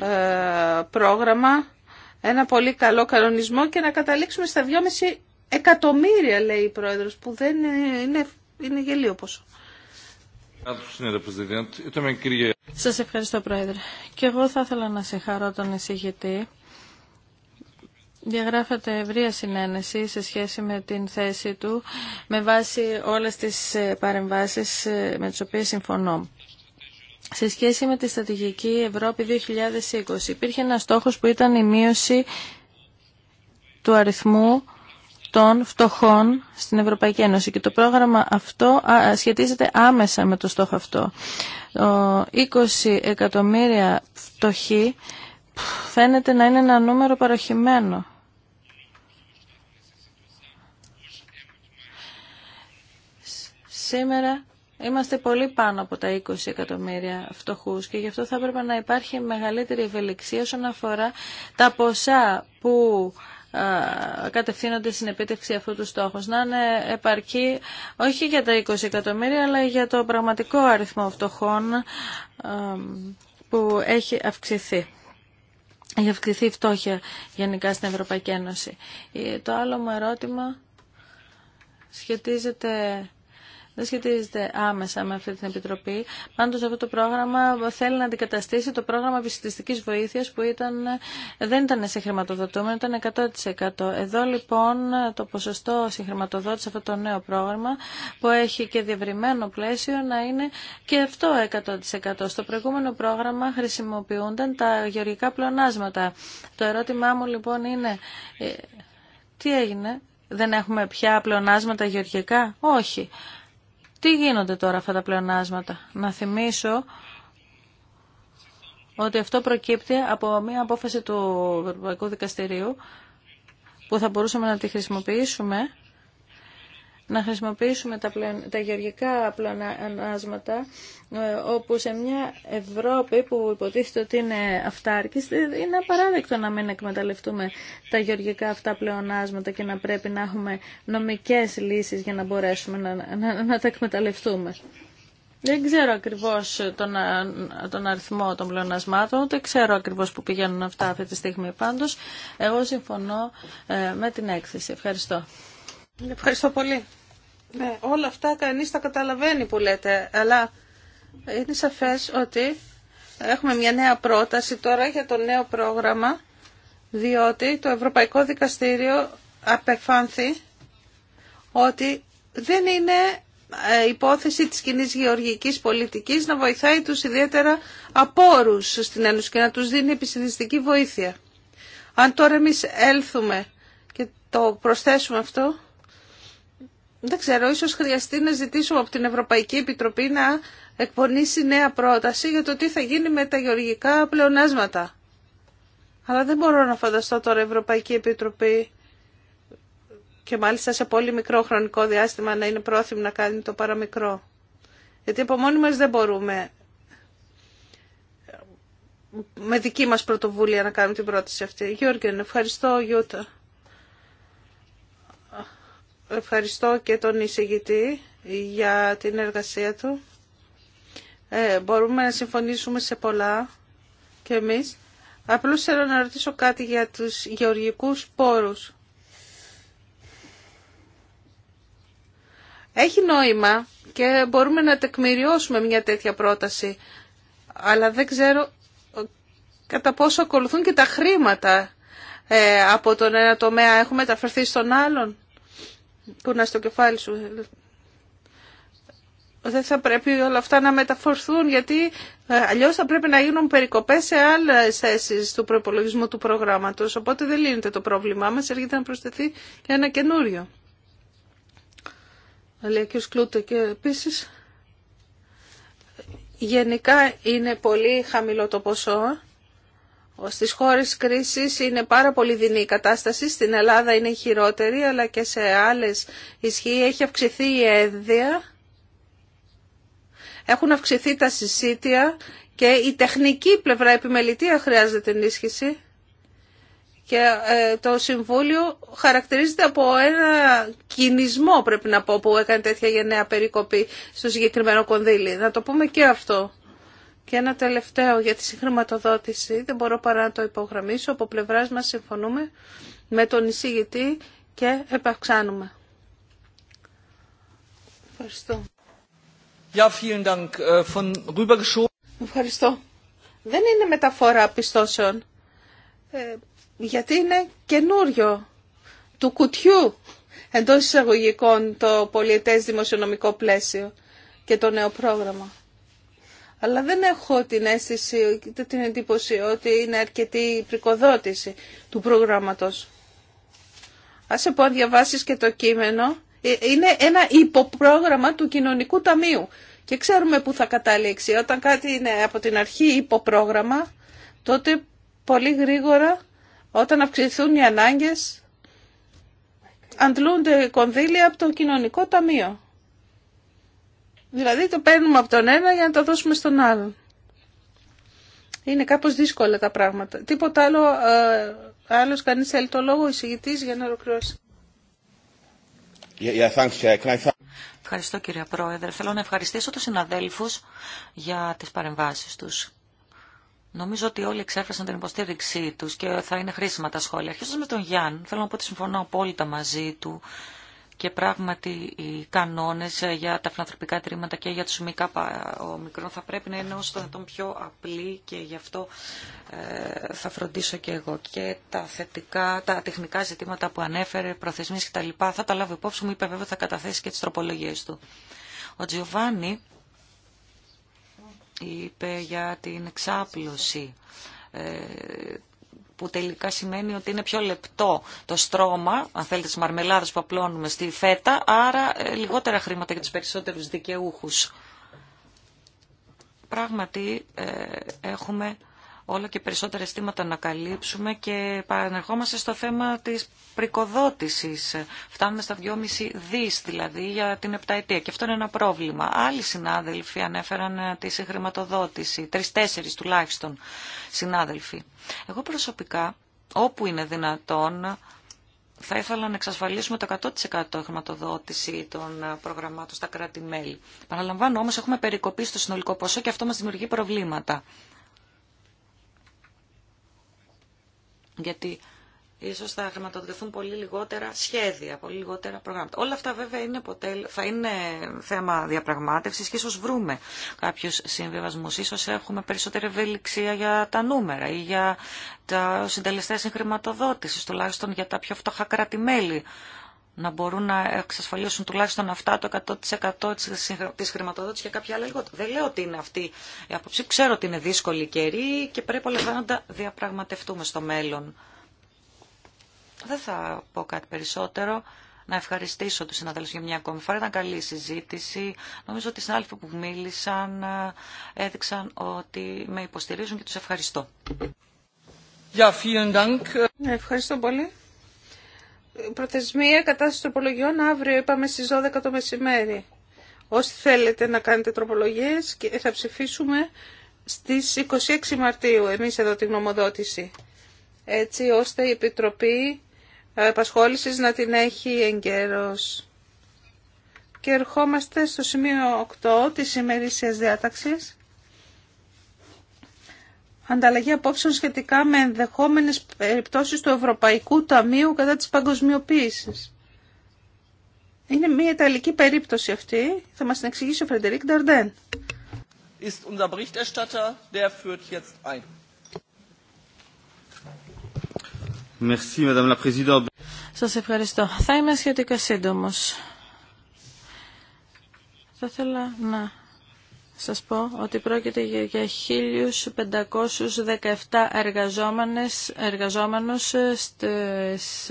ε, πρόγραμμα, ένα πολύ καλό κανονισμό και να καταλήξουμε στα 2,5 εκατομμύρια, λέει η Πρόεδρος, που δεν είναι, είναι γελίο ποσό. Ε, Σας ευχαριστώ, Πρόεδρε. Και εγώ θα ήθελα να συγχαρώ τον εισηγητή διαγράφεται ευρεία συνένεση σε σχέση με την θέση του με βάση όλες τις ε, παρεμβάσεις ε, με τις οποίες συμφωνώ. Σε σχέση με τη στρατηγική Ευρώπη 2020 υπήρχε ένα στόχος που ήταν η μείωση του αριθμού των φτωχών στην Ευρωπαϊκή Ένωση και το πρόγραμμα αυτό σχετίζεται άμεσα με το στόχο αυτό. 20 εκατομμύρια φτωχοί φαίνεται να είναι ένα νούμερο παροχημένο. Σήμερα είμαστε πολύ πάνω από τα 20 εκατομμύρια φτωχούς και γι' αυτό θα έπρεπε να υπάρχει μεγαλύτερη ευελιξία όσον αφορά τα ποσά που κατευθύνονται στην επίτευξη αυτού του στόχου. Να είναι επαρκή όχι για τα 20 εκατομμύρια, αλλά για το πραγματικό αριθμό φτωχών που έχει αυξηθεί. Έχει αυξηθεί η φτώχεια γενικά στην Ευρωπαϊκή Ένωση. Ε, το άλλο μου ερώτημα σχετίζεται δεν σχετίζεται άμεσα με αυτή την Επιτροπή. Πάντως αυτό το πρόγραμμα θέλει να αντικαταστήσει το πρόγραμμα επιστημιστικής βοήθεια που ήταν, δεν ήταν σε χρηματοδοτούμενο, ήταν 100%. Εδώ λοιπόν το ποσοστό συγχρηματοδότηση αυτό το νέο πρόγραμμα που έχει και διευρυμένο πλαίσιο να είναι και αυτό 100%. Στο προηγούμενο πρόγραμμα χρησιμοποιούνταν τα γεωργικά πλεονάσματα. Το ερώτημά μου λοιπόν είναι... Ε, τι έγινε, δεν έχουμε πια πλεονάσματα γεωργικά. Όχι. Τι γίνονται τώρα αυτά τα πλεονάσματα. Να θυμίσω ότι αυτό προκύπτει από μια απόφαση του Ευρωπαϊκού Δικαστηρίου που θα μπορούσαμε να τη χρησιμοποιήσουμε να χρησιμοποιήσουμε τα, πλεον, γεωργικά πλεονάσματα ε, όπου σε μια Ευρώπη που υποτίθεται ότι είναι αυτάρκης ε, είναι απαράδεκτο να μην εκμεταλλευτούμε τα γεωργικά αυτά πλεονάσματα και να πρέπει να έχουμε νομικές λύσεις για να μπορέσουμε να, να, να τα εκμεταλλευτούμε. Δεν ξέρω ακριβώς τον, αριθμό των πλεονασμάτων, ούτε ξέρω ακριβώς που πηγαίνουν αυτά αυτή τη στιγμή. Πάντως, εγώ συμφωνώ ε, με την έκθεση. Ευχαριστώ. Ευχαριστώ πολύ. Ναι, όλα αυτά κανείς τα καταλαβαίνει που λέτε, αλλά είναι σαφές ότι έχουμε μια νέα πρόταση τώρα για το νέο πρόγραμμα, διότι το Ευρωπαϊκό Δικαστήριο απεφάνθη ότι δεν είναι ε, υπόθεση της κοινή γεωργικής πολιτικής να βοηθάει τους ιδιαίτερα απόρους στην Ένωση και να τους δίνει επισυνδυστική βοήθεια. Αν τώρα εμεί έλθουμε και το προσθέσουμε αυτό, δεν ξέρω, ίσως χρειαστεί να ζητήσουμε από την Ευρωπαϊκή Επιτροπή να εκπονήσει νέα πρόταση για το τι θα γίνει με τα γεωργικά πλεονάσματα. Αλλά δεν μπορώ να φανταστώ τώρα η Ευρωπαϊκή Επιτροπή και μάλιστα σε πολύ μικρό χρονικό διάστημα να είναι πρόθυμη να κάνει το παραμικρό. Γιατί από μόνοι μας δεν μπορούμε με δική μας πρωτοβουλία να κάνουμε την πρόταση αυτή. Γιώργεν, ευχαριστώ Γιώτα. Ευχαριστώ και τον εισηγητή για την εργασία του. Ε, μπορούμε να συμφωνήσουμε σε πολλά και εμείς. Απλώς θέλω να ρωτήσω κάτι για τους γεωργικούς πόρους. Έχει νόημα και μπορούμε να τεκμηριώσουμε μια τέτοια πρόταση, αλλά δεν ξέρω κατά πόσο ακολουθούν και τα χρήματα ε, από τον ένα τομέα έχουν μεταφερθεί στον άλλον κουνά στο κεφάλι σου. Δεν θα πρέπει όλα αυτά να μεταφορθούν γιατί ε, αλλιώ θα πρέπει να γίνουν περικοπέ σε άλλε θέσει του προπολογισμού του προγράμματο. Οπότε δεν λύνεται το πρόβλημά μα έρχεται να προσθεθεί και ένα καινούριο. Λέει και ο και επίσης γενικά είναι πολύ χαμηλό το ποσό στις χώρες κρίσης είναι πάρα πολύ δεινή η κατάσταση. Στην Ελλάδα είναι χειρότερη, αλλά και σε άλλες ισχύει. Έχει αυξηθεί η έδεια, έχουν αυξηθεί τα συσίτια και η τεχνική πλευρά επιμελητία χρειάζεται ενίσχυση. Και ε, το Συμβούλιο χαρακτηρίζεται από ένα κινησμό, πρέπει να πω, που έκανε τέτοια γενναία περικοπή στο συγκεκριμένο κονδύλι. Να το πούμε και αυτό. Και ένα τελευταίο για τη συγχρηματοδότηση, δεν μπορώ παρά να το υπογραμμίσω, από πλευράς μας συμφωνούμε με τον εισηγητή και επαυξάνουμε. Ευχαριστώ. Ja, vielen Dank. Äh, von Ευχαριστώ. Δεν είναι μεταφορά πιστώσεων, ε, γιατί είναι καινούριο του κουτιού εντός εισαγωγικών το πολιετές δημοσιονομικό πλαίσιο και το νέο πρόγραμμα αλλά δεν έχω την αίσθηση, την εντύπωση ότι είναι αρκετή η πρικοδότηση του προγράμματος. Ας σε πω, διαβάσεις και το κείμενο. Ε, είναι ένα υποπρόγραμμα του κοινωνικού ταμείου. Και ξέρουμε πού θα κατάληξει. Όταν κάτι είναι από την αρχή υποπρόγραμμα, τότε πολύ γρήγορα, όταν αυξηθούν οι ανάγκες, αντλούνται κονδύλια από το κοινωνικό ταμείο. Δηλαδή το παίρνουμε από τον ένα για να το δώσουμε στον άλλον. Είναι κάπως δύσκολα τα πράγματα. Τίποτα άλλο, ε, άλλος κανείς θέλει το λόγο, εισηγητής για να ολοκληρώσει. Yeah, yeah, Ευχαριστώ κύριε Πρόεδρε. Θέλω να ευχαριστήσω τους συναδέλφους για τις παρεμβάσεις τους. Νομίζω ότι όλοι εξέφρασαν την υποστήριξή τους και θα είναι χρήσιμα τα σχόλια. Αρχίζω με τον Γιάννη, θέλω να πω ότι συμφωνώ απόλυτα μαζί του και πράγματι οι κανόνες ε, για τα φιλανθρωπικά τρίματα και για τους Ο μικρό θα πρέπει να είναι όσο το πιο απλή και γι' αυτό ε, θα φροντίσω και εγώ. Και τα θετικά, τα τεχνικά ζητήματα που ανέφερε, προθεσμίες κτλ. θα τα λάβω υπόψη μου, είπε βέβαια θα καταθέσει και τις τροπολογίες του. Ο Τζιωβάνι είπε για την εξάπλωση ε, που τελικά σημαίνει ότι είναι πιο λεπτό το στρώμα, αν θέλετε, τη μαρμελάδα που απλώνουμε στη φέτα, άρα ε, λιγότερα χρήματα για τους περισσότερους δικαιούχους. Πράγματι, ε, έχουμε όλο και περισσότερα αισθήματα να καλύψουμε και παρανερχόμαστε στο θέμα της πρικοδότησης. Φτάνουμε στα 2,5 δις δηλαδή για την επταετία και αυτό είναι ένα πρόβλημα. Άλλοι συνάδελφοι ανέφεραν ε, τη συγχρηματοδοτηση τρει τέσσερι τουλάχιστον συνάδελφοι. Εγώ προσωπικά, όπου είναι δυνατόν, θα ήθελα να εξασφαλίσουμε το 100% χρηματοδότηση των ε, προγραμμάτων στα κράτη-μέλη. Παραλαμβάνω όμως έχουμε περικοπεί στο συνολικό ποσό και αυτό μας δημιουργεί προβλήματα. γιατί ίσως θα χρηματοδοτηθούν πολύ λιγότερα σχέδια, πολύ λιγότερα προγράμματα. Όλα αυτά βέβαια είναι θα είναι θέμα διαπραγμάτευσης και ίσως βρούμε κάποιους συμβιβασμούς. Ίσως έχουμε περισσότερη ευελιξία για τα νούμερα ή για τα συντελεστές συγχρηματοδότησης, τουλάχιστον για τα πιο φτωχά να μπορούν να εξασφαλίσουν τουλάχιστον αυτά το 100% της χρηματοδότησης και κάποια άλλα λιγότερα. Δεν λέω ότι είναι αυτή η άποψη. Ξέρω ότι είναι δύσκολη καιρή και πρέπει όλα να τα διαπραγματευτούμε στο μέλλον. Δεν θα πω κάτι περισσότερο. Να ευχαριστήσω τους συναδέλφους για μια ακόμη φορά. Ήταν καλή συζήτηση. Νομίζω ότι οι συνάδελφοι που μίλησαν ε, έδειξαν ότι με υποστηρίζουν και τους ευχαριστώ. Ja, vielen Dank. Ευχαριστώ πολύ. Προθεσμία κατάσταση τροπολογιών αύριο είπαμε στις 12 το μεσημέρι. Όσοι θέλετε να κάνετε τροπολογίες και θα ψηφίσουμε στις 26 Μαρτίου εμείς εδώ την γνωμοδότηση. Έτσι ώστε η Επιτροπή Επασχόλησης να την έχει εγκαίρως. Και ερχόμαστε στο σημείο 8 της ημερήσιας διάταξης ανταλλαγή απόψεων σχετικά με ενδεχόμενες περιπτώσεις του Ευρωπαϊκού Ταμείου κατά της παγκοσμιοποίησης. Είναι μια ιταλική περίπτωση αυτή. Θα μας την εξηγήσει ο Φρεντερίκ Νταρντέν. Ist Σας ευχαριστώ. Θα είμαι σχετικά σύντομος. Θα ήθελα να σας πω ότι πρόκειται για 1.517 εργαζόμενες, εργαζόμενους στις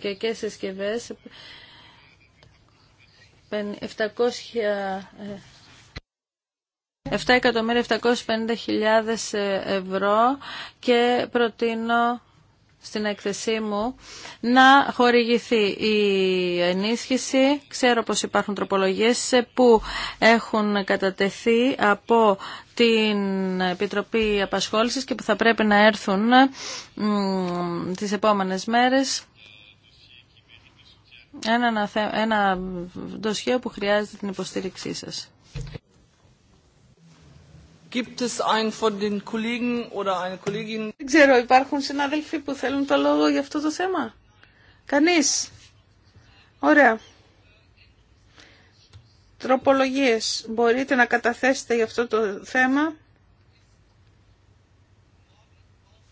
καικές συσκευές, 700... 7.750.000 ε, ευρώ και προτείνω στην έκθεσή μου να χορηγηθεί η ενίσχυση. Ξέρω πως υπάρχουν τροπολογίες που έχουν κατατεθεί από την Επιτροπή Απασχόλησης και που θα πρέπει να έρθουν τις επόμενες μέρες. Ένα, ένα που χρειάζεται την υποστήριξή σας. Gibt es von den Kollegen oder eine Kollegin? Δεν ξέρω, υπάρχουν συνάδελφοι που θέλουν το λόγο για αυτό το θέμα. Κανείς. Ωραία. Τροπολογίες. Μπορείτε να καταθέσετε για αυτό το θέμα.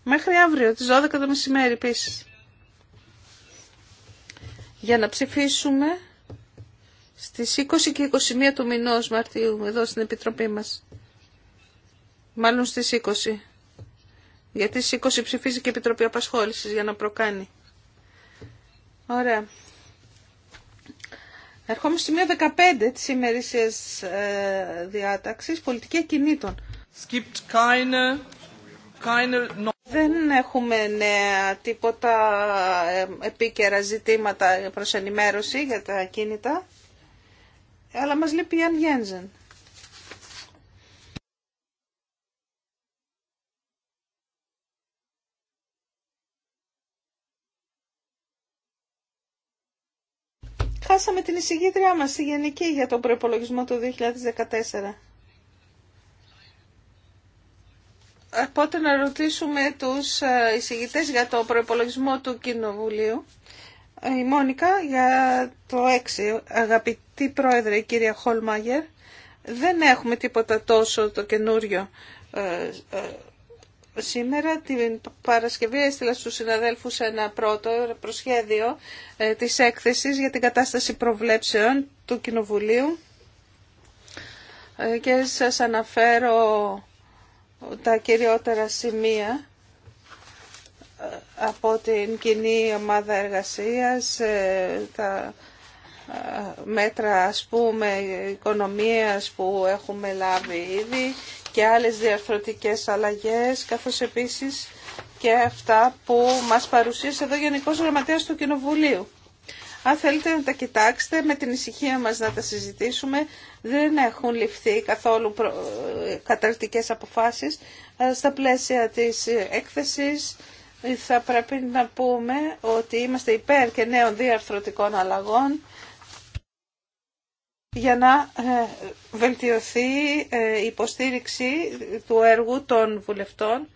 Μέχρι αύριο, τις 12 το μεσημέρι επίση. Για να ψηφίσουμε στις 20 και 21 του μηνός Μαρτίου εδώ στην Επιτροπή μας. Μάλλον στις 20. Γιατί στις 20 ψηφίζει και η Επιτροπή Απασχόλησης για να προκάνει. Ωραία. Ερχόμαστε στη μία 15 της ημερήσιας ε, διάταξης, πολιτική ακινήτων. Keine, keine... Δεν έχουμε νέα τίποτα ε, επίκαιρα ζητήματα προς ενημέρωση για τα ακίνητα, αλλά μας λείπει η Αν Γένζεν. Χάσαμε την εισηγήτριά μας στη Γενική για τον προπολογισμό του 2014. Οπότε να ρωτήσουμε τους ε, εισηγητές για το προϋπολογισμό του Κοινοβουλίου. Ε, η Μόνικα για το 6, αγαπητή πρόεδρε η κυρία Χολμάγερ, δεν έχουμε τίποτα τόσο το καινούριο ε, Σήμερα την Παρασκευή έστειλα στους συναδέλφους ένα πρώτο προσχέδιο ε, της έκθεσης για την κατάσταση προβλέψεων του Κοινοβουλίου ε, και σας αναφέρω τα κυριότερα σημεία ε, από την κοινή ομάδα εργασίας, τα μέτρα ας πούμε οικονομίας που έχουμε λάβει ήδη και άλλες διαρθρωτικές αλλαγές, καθώς επίσης και αυτά που μας παρουσίασε εδώ Γενικό Γραμματέας του Κοινοβουλίου. Αν θέλετε να τα κοιτάξετε, με την ησυχία μας να τα συζητήσουμε, δεν έχουν ληφθεί καθόλου προ... καταρτικές αποφάσεις. Ε, στα πλαίσια της έκθεσης ε, θα πρέπει να πούμε ότι είμαστε υπέρ και νέων διαρθρωτικών αλλαγών για να ε, βελτιωθεί ε, η υποστήριξη του έργου των βουλευτών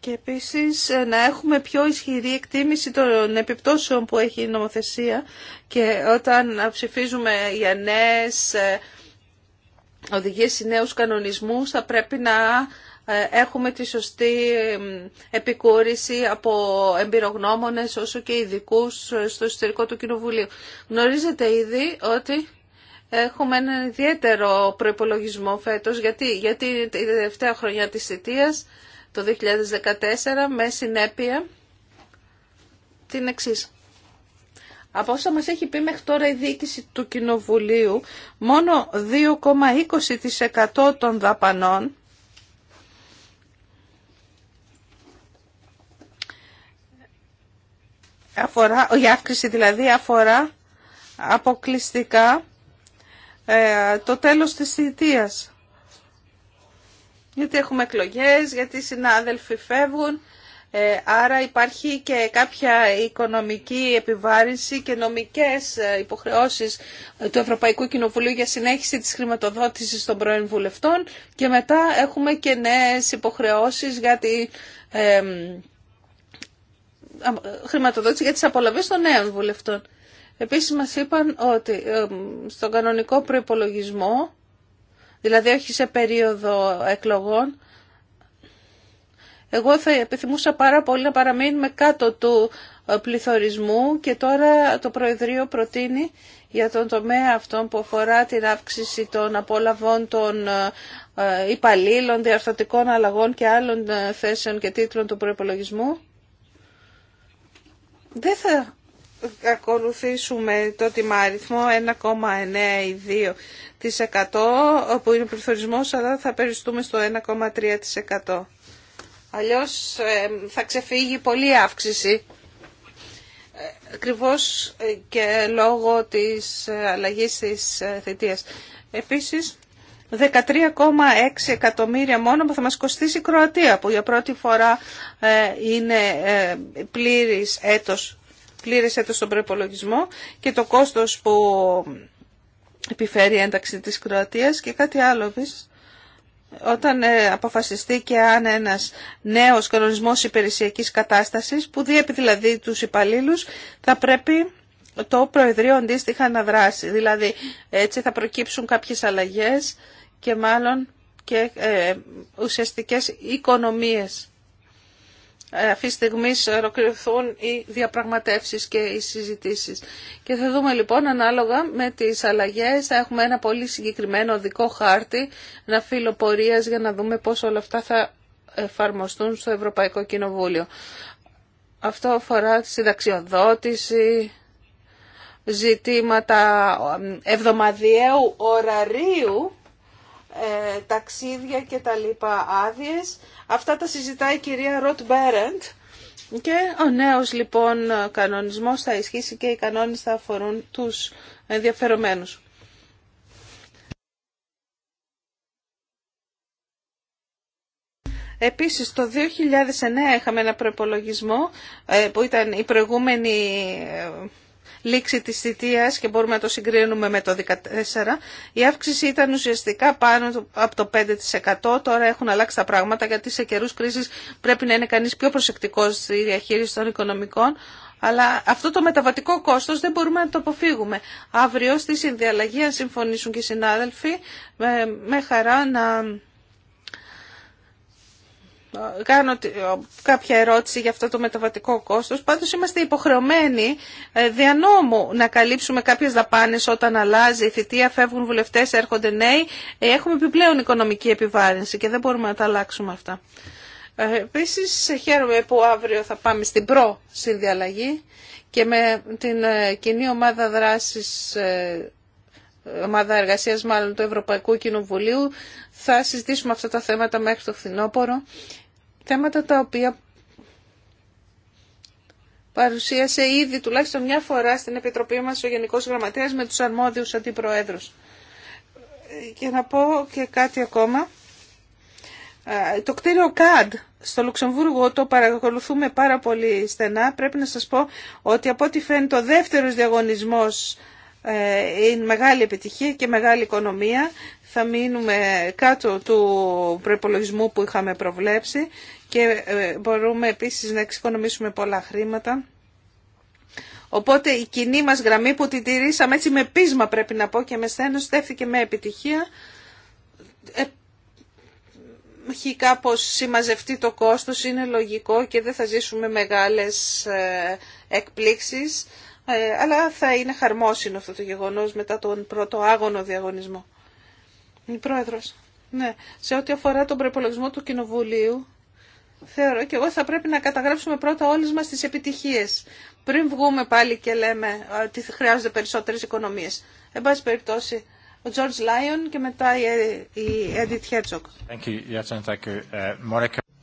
και επίσης ε, να έχουμε πιο ισχυρή εκτίμηση των επιπτώσεων που έχει η νομοθεσία και όταν ψηφίζουμε για νέες οδηγίες ή νέους κανονισμούς θα πρέπει να έχουμε τη σωστή επικούρηση από εμπειρογνώμονες όσο και ειδικού στο εσωτερικό του Κοινοβουλίου. Γνωρίζετε ήδη ότι Έχουμε ένα ιδιαίτερο προϋπολογισμό φέτος. Γιατί, γιατί η τελευταία χρονιά της θητείας, το 2014, με συνέπεια την εξή. Από όσα μας έχει πει μέχρι τώρα η διοίκηση του Κοινοβουλίου, μόνο 2,20% των δαπανών αφορά, η αύξηση δηλαδή αφορά αποκλειστικά ε, το τέλος της θητείας. Γιατί έχουμε εκλογές, γιατί οι συνάδελφοι φεύγουν, ε, άρα υπάρχει και κάποια οικονομική επιβάρυνση και νομικές ε, υποχρεώσεις του Ευρωπαϊκού Κοινοβουλίου για συνέχιση της χρηματοδότησης των πρώην βουλευτών και μετά έχουμε και νέες υποχρεώσεις για τη χρηματοδότηση για τις απολαβές των νέων βουλευτών. Επίσης μας είπαν ότι ε, στον κανονικό προϋπολογισμό, δηλαδή όχι σε περίοδο εκλογών, εγώ θα επιθυμούσα πάρα πολύ να παραμείνουμε κάτω του ε, πληθωρισμού και τώρα το Προεδρείο προτείνει για τον τομέα αυτό που αφορά την αύξηση των απολαβών των ε, υπαλλήλων, διαρθωτικών αλλαγών και άλλων θέσεων και τίτλων του προϋπολογισμού. Δεν θα ακολουθήσουμε το τιμάριθμο 1,92% που είναι πληθωρισμός αλλά θα περιστούμε στο 1,3%. Αλλιώς θα ξεφύγει πολλή αύξηση ε, ακριβώ ε, και λόγω της ε, αλλαγής της θητείας. Επίσης 13,6 εκατομμύρια μόνο που θα μας κοστίσει η Κροατία που για πρώτη φορά είναι πλήρης έτος πλήρες το στον προπολογισμό και το κόστος που επιφέρει η ένταξη της Κροατίας και κάτι άλλο Όταν ε, αποφασιστεί και αν ένας νέος κανονισμός υπηρεσιακής κατάστασης, που διέπει δηλαδή τους υπαλλήλους, θα πρέπει το Προεδρείο αντίστοιχα να δράσει. Δηλαδή έτσι θα προκύψουν κάποιες αλλαγές και μάλλον και ε, ουσιαστικές οικονομίες αυτή τη στιγμή ολοκληρωθούν οι διαπραγματεύσεις και οι συζητήσεις. Και θα δούμε λοιπόν ανάλογα με τις αλλαγές, θα έχουμε ένα πολύ συγκεκριμένο δικό χάρτη, να φύλλο για να δούμε πώς όλα αυτά θα εφαρμοστούν στο Ευρωπαϊκό Κοινοβούλιο. Αυτό αφορά τη συνταξιοδότηση, ζητήματα εβδομαδιαίου ωραρίου, ε, ταξίδια και τα λοιπά άδειες, Αυτά τα συζητάει η κυρία Ροτ Μπέρεντ και ο νέος λοιπόν κανονισμός θα ισχύσει και οι κανόνες θα αφορούν τους ενδιαφερομένους. Επίσης το 2009 είχαμε ένα προπολογισμό ε, που ήταν η προηγούμενη ε, λήξη της θητείας και μπορούμε να το συγκρίνουμε με το 2014, η αύξηση ήταν ουσιαστικά πάνω από το 5%. Τώρα έχουν αλλάξει τα πράγματα γιατί σε καιρούς κρίση πρέπει να είναι κανείς πιο προσεκτικός στη διαχείριση των οικονομικών. Αλλά αυτό το μεταβατικό κόστος δεν μπορούμε να το αποφύγουμε. Αύριο στη συνδιαλλαγή, αν συμφωνήσουν και οι συνάδελφοι, με χαρά να κάνω κάποια ερώτηση για αυτό το μεταβατικό κόστος. Πάντως είμαστε υποχρεωμένοι ε, δια νόμου να καλύψουμε κάποιες δαπάνες όταν αλλάζει η θητεία, φεύγουν βουλευτές, έρχονται νέοι. Ε, έχουμε επιπλέον οικονομική επιβάρυνση και δεν μπορούμε να τα αλλάξουμε αυτά. Ε, Επίση, χαίρομαι που αύριο θα πάμε στην προ-συνδιαλλαγή και με την κοινή ομάδα δράσης ομάδα εργασία μάλλον του Ευρωπαϊκού Κοινοβουλίου. Θα συζητήσουμε αυτά τα θέματα μέχρι το φθινόπωρο Θέματα τα οποία παρουσίασε ήδη τουλάχιστον μια φορά στην Επιτροπή μας ο Γενικός Γραμματέας με τους αρμόδιους αντιπροέδρους. Και να πω και κάτι ακόμα. Το κτίριο ΚΑΔ στο Λουξεμβούργο το παρακολουθούμε πάρα πολύ στενά. Πρέπει να σας πω ότι από ό,τι φαίνεται ο δεύτερος διαγωνισμός ε, είναι μεγάλη επιτυχία και μεγάλη οικονομία θα μείνουμε κάτω του προπολογισμού που είχαμε προβλέψει και ε, μπορούμε επίσης να εξοικονομήσουμε πολλά χρήματα. Οπότε η κοινή μας γραμμή που την τηρήσαμε έτσι με πείσμα πρέπει να πω και με στένος στέφθηκε με επιτυχία. Έχει κάπως συμμαζευτεί το κόστος, είναι λογικό και δεν θα ζήσουμε μεγάλες ε, εκπλήξεις, ε, αλλά θα είναι χαρμόσυνο αυτό το γεγονός μετά τον πρώτο άγωνο διαγωνισμό ναι, σε ό,τι αφορά τον προπολογισμό του Κοινοβουλίου, θεωρώ και εγώ θα πρέπει να καταγράψουμε πρώτα όλε μα τι επιτυχίες, πριν βγούμε πάλι και λέμε ότι χρειάζονται περισσότερες οικονομίε. Εν πάση περιπτώσει, ο George Λάιον και μετά η ε, Edith Χέρτσοκ. Ε,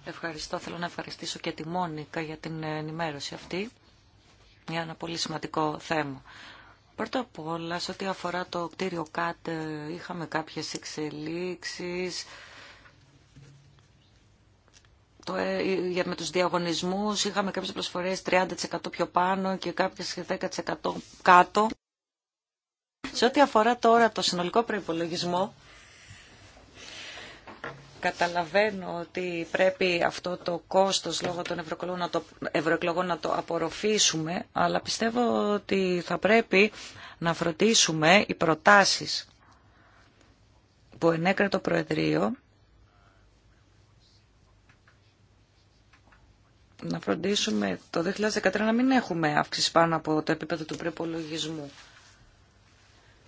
Ευχαριστώ. Θέλω να ευχαριστήσω και τη Μόνικα για την ενημέρωση αυτή. Για ένα πολύ σημαντικό θέμα. Πρώτα απ' όλα, σε ό,τι αφορά το κτίριο ΚΑΤ, ε, είχαμε κάποιες εξελίξεις. Το, ε, για, με τους διαγωνισμούς είχαμε κάποιες προσφορές 30% πιο πάνω και κάποιες 10% κάτω. Σε ό,τι αφορά τώρα το συνολικό προϋπολογισμό, Καταλαβαίνω ότι πρέπει αυτό το κόστος λόγω των ευρωεκλογών να, το απορροφήσουμε, αλλά πιστεύω ότι θα πρέπει να φροντίσουμε οι προτάσεις που ενέκρινε το Προεδρείο να φροντίσουμε το 2013 να μην έχουμε αύξηση πάνω από το επίπεδο του προπολογισμού.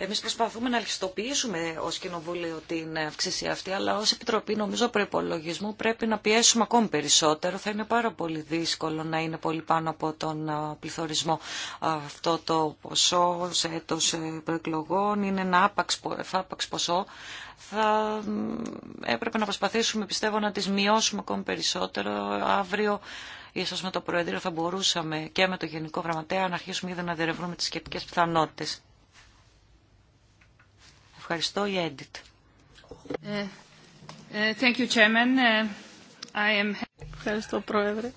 Εμεί προσπαθούμε να αλχιστοποιήσουμε ω Κοινοβούλιο την αυξήση αυτή, αλλά ω Επιτροπή νομίζω προπολογισμού πρέπει να πιέσουμε ακόμη περισσότερο. Θα είναι πάρα πολύ δύσκολο να είναι πολύ πάνω από τον πληθωρισμό αυτό το ποσό σε έτος ε, προεκλογών. Είναι ένα άπαξ, άπαξ ποσό. Θα έπρεπε να προσπαθήσουμε, πιστεύω, να τι μειώσουμε ακόμη περισσότερο αύριο ίσως με το Προεδρείο θα μπορούσαμε και με το Γενικό Γραμματέα να αρχίσουμε ήδη να διερευνούμε τις σχετικές πιθανότητες. Ευχαριστώ, η Edit. Ε, ε, ε, I Ευχαριστώ, Πρόεδρε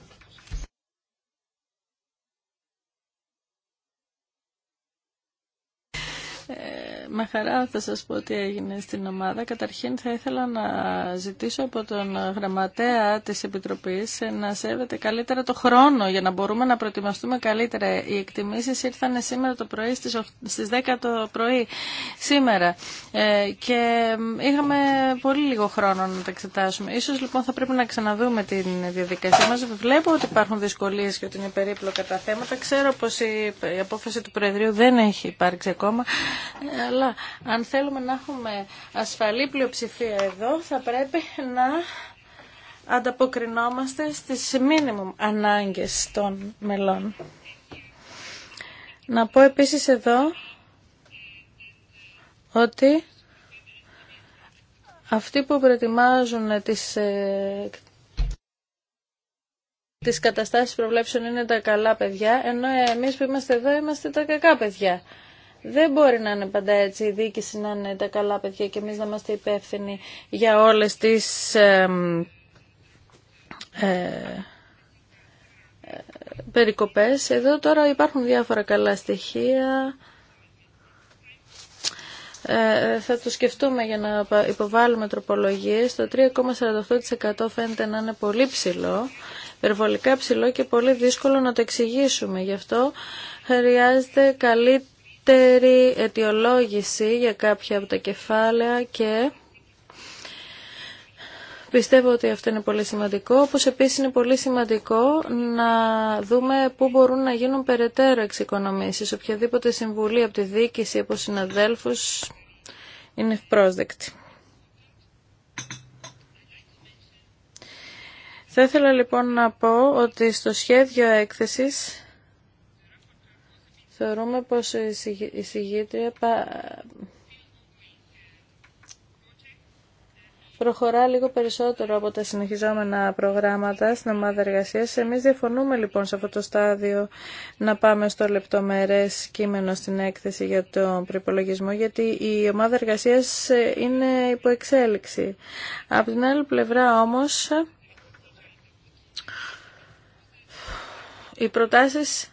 με χαρά θα σας πω τι έγινε στην ομάδα. Καταρχήν θα ήθελα να ζητήσω από τον γραμματέα της Επιτροπής να σέβεται καλύτερα το χρόνο για να μπορούμε να προετοιμαστούμε καλύτερα. Οι εκτιμήσεις ήρθαν σήμερα το πρωί στις 10 το πρωί σήμερα ε, και είχαμε πολύ λίγο χρόνο να τα εξετάσουμε. Ίσως λοιπόν θα πρέπει να ξαναδούμε την διαδικασία μας. Βλέπω ότι υπάρχουν δυσκολίες και ότι είναι περίπλοκα τα θέματα. Ξέρω πως η απόφαση του Προεδρείου δεν έχει υπάρξει ακόμα αλλά αν θέλουμε να έχουμε ασφαλή πλειοψηφία εδώ, θα πρέπει να ανταποκρινόμαστε στις μίνιμουμ ανάγκες των μελών. Να πω επίσης εδώ ότι αυτοί που προετοιμάζουν τις, ε, τις καταστάσεις προβλέψεων είναι τα καλά παιδιά, ενώ εμείς που είμαστε εδώ είμαστε τα κακά παιδιά. Δεν μπορεί να είναι πάντα έτσι η διοίκηση να είναι τα καλά παιδιά και εμείς να είμαστε υπεύθυνοι για όλες τις ε, ε, περικοπές. Εδώ τώρα υπάρχουν διάφορα καλά στοιχεία. Ε, θα το σκεφτούμε για να υποβάλουμε τροπολογίες. Το 3,48% φαίνεται να είναι πολύ ψηλό, περιβολικά ψηλό και πολύ δύσκολο να το εξηγήσουμε. Γι' αυτό χρειάζεται καλή καλύτερη αιτιολόγηση για κάποια από τα κεφάλαια και Πιστεύω ότι αυτό είναι πολύ σημαντικό, όπως επίσης είναι πολύ σημαντικό να δούμε πού μπορούν να γίνουν περαιτέρω εξοικονομήσεις. Οποιαδήποτε συμβουλή από τη διοίκηση, από συναδέλφους, είναι ευπρόσδεκτη. Θα ήθελα λοιπόν να πω ότι στο σχέδιο έκθεσης Θεωρούμε πως η συγγήτρια προχωρά λίγο περισσότερο από τα συνεχιζόμενα προγράμματα στην ομάδα εργασία. Εμείς διαφωνούμε λοιπόν σε αυτό το στάδιο να πάμε στο λεπτομερές κείμενο στην έκθεση για τον προπολογισμό, γιατί η ομάδα εργασία είναι υπό εξέλιξη. Από την άλλη πλευρά όμως, Οι προτάσεις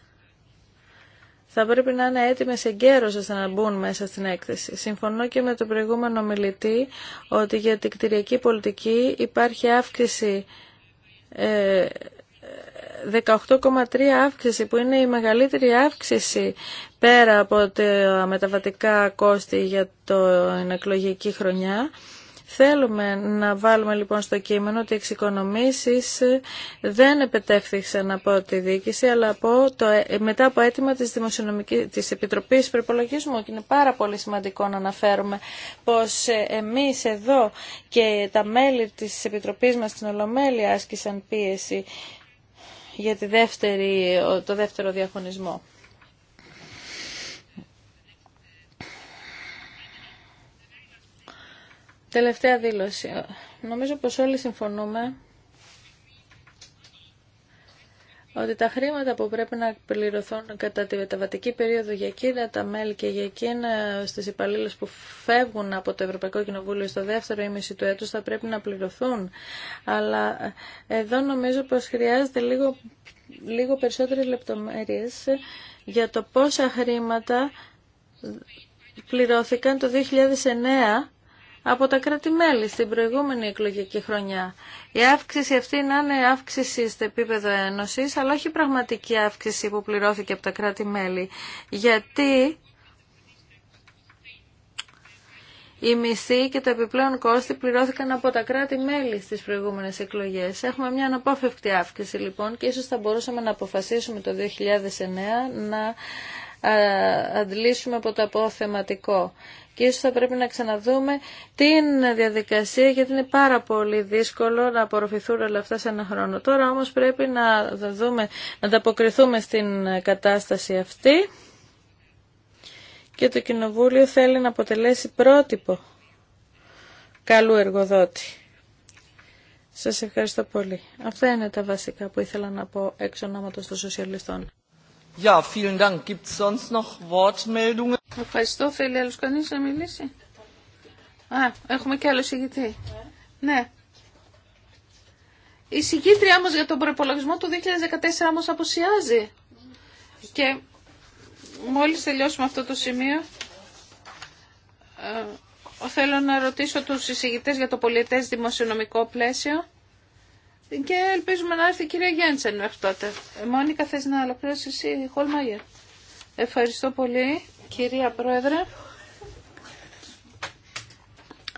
θα πρέπει να είναι έτοιμε εγκαίρω να μπουν μέσα στην έκθεση. Συμφωνώ και με τον προηγούμενο μιλητή ότι για την κτηριακή πολιτική υπάρχει αύξηση 18,3 ε, αύξηση που είναι η μεγαλύτερη αύξηση πέρα από τα μεταβατικά κόστη για την εκλογική χρονιά Θέλουμε να βάλουμε λοιπόν στο κείμενο ότι οι εξοικονομήσει δεν επιτέθηκε από τη διοίκηση, αλλά από το, μετά από αίτημα της, δημοσιονομικής, της Επιτροπής Προπολογισμού. Και είναι πάρα πολύ σημαντικό να αναφέρουμε πως ε, εμείς εδώ και τα μέλη της Επιτροπής μας στην Ολομέλεια άσκησαν πίεση για τη δεύτερη, το δεύτερο διαχωνισμό. Τελευταία δήλωση. Νομίζω πως όλοι συμφωνούμε ότι τα χρήματα που πρέπει να πληρωθούν κατά τη μεταβατική περίοδο για εκείνα τα μέλη και για εκείνα στις υπαλλήλους που φεύγουν από το Ευρωπαϊκό Κοινοβούλιο στο δεύτερο ήμιση του έτους θα πρέπει να πληρωθούν. Αλλά εδώ νομίζω πως χρειάζεται λίγο, λίγο περισσότερες λεπτομέρειες για το πόσα χρήματα πληρώθηκαν το 2009 από τα κράτη-μέλη στην προηγούμενη εκλογική χρονιά. Η αύξηση αυτή να είναι αύξηση στο επίπεδο Ένωση, αλλά όχι πραγματική αύξηση που πληρώθηκε από τα κράτη-μέλη. Γιατί η μισθοί και τα επιπλέον κόστη πληρώθηκαν από τα κράτη-μέλη στις προηγούμενες εκλογές. Έχουμε μια αναπόφευκτη αύξηση λοιπόν και ίσως θα μπορούσαμε να αποφασίσουμε το 2009 να ε, αντλήσουμε από το αποθεματικό. Και ίσως θα πρέπει να ξαναδούμε την διαδικασία γιατί είναι πάρα πολύ δύσκολο να απορροφηθούν όλα αυτά σε ένα χρόνο. Τώρα όμως πρέπει να, δούμε, να ανταποκριθούμε στην κατάσταση αυτή και το Κοινοβούλιο θέλει να αποτελέσει πρότυπο καλού εργοδότη. Σας ευχαριστώ πολύ. Αυτά είναι τα βασικά που ήθελα να πω εξ ονόματος των σοσιαλιστών. Ja, vielen Dank. sonst noch Wortmeldungen? Ευχαριστώ. Θέλει άλλος κανείς να μιλήσει. Α, έχουμε και άλλο εισηγητή. Ναι. Η εισηγήτριά μας για τον προπολογισμό του 2014 όμως αποσιάζει. Και μόλις τελειώσουμε αυτό το σημείο, ε, θέλω να ρωτήσω τους εισηγητές για το πολιτές δημοσιονομικό πλαίσιο και ελπίζουμε να έρθει η κυρία Γέντσεν μέχρι τότε. Ε, Μόνικα, θες να ολοκληρώσει εσύ, Χολμάγερ. Ευχαριστώ πολύ, κυρία Πρόεδρε.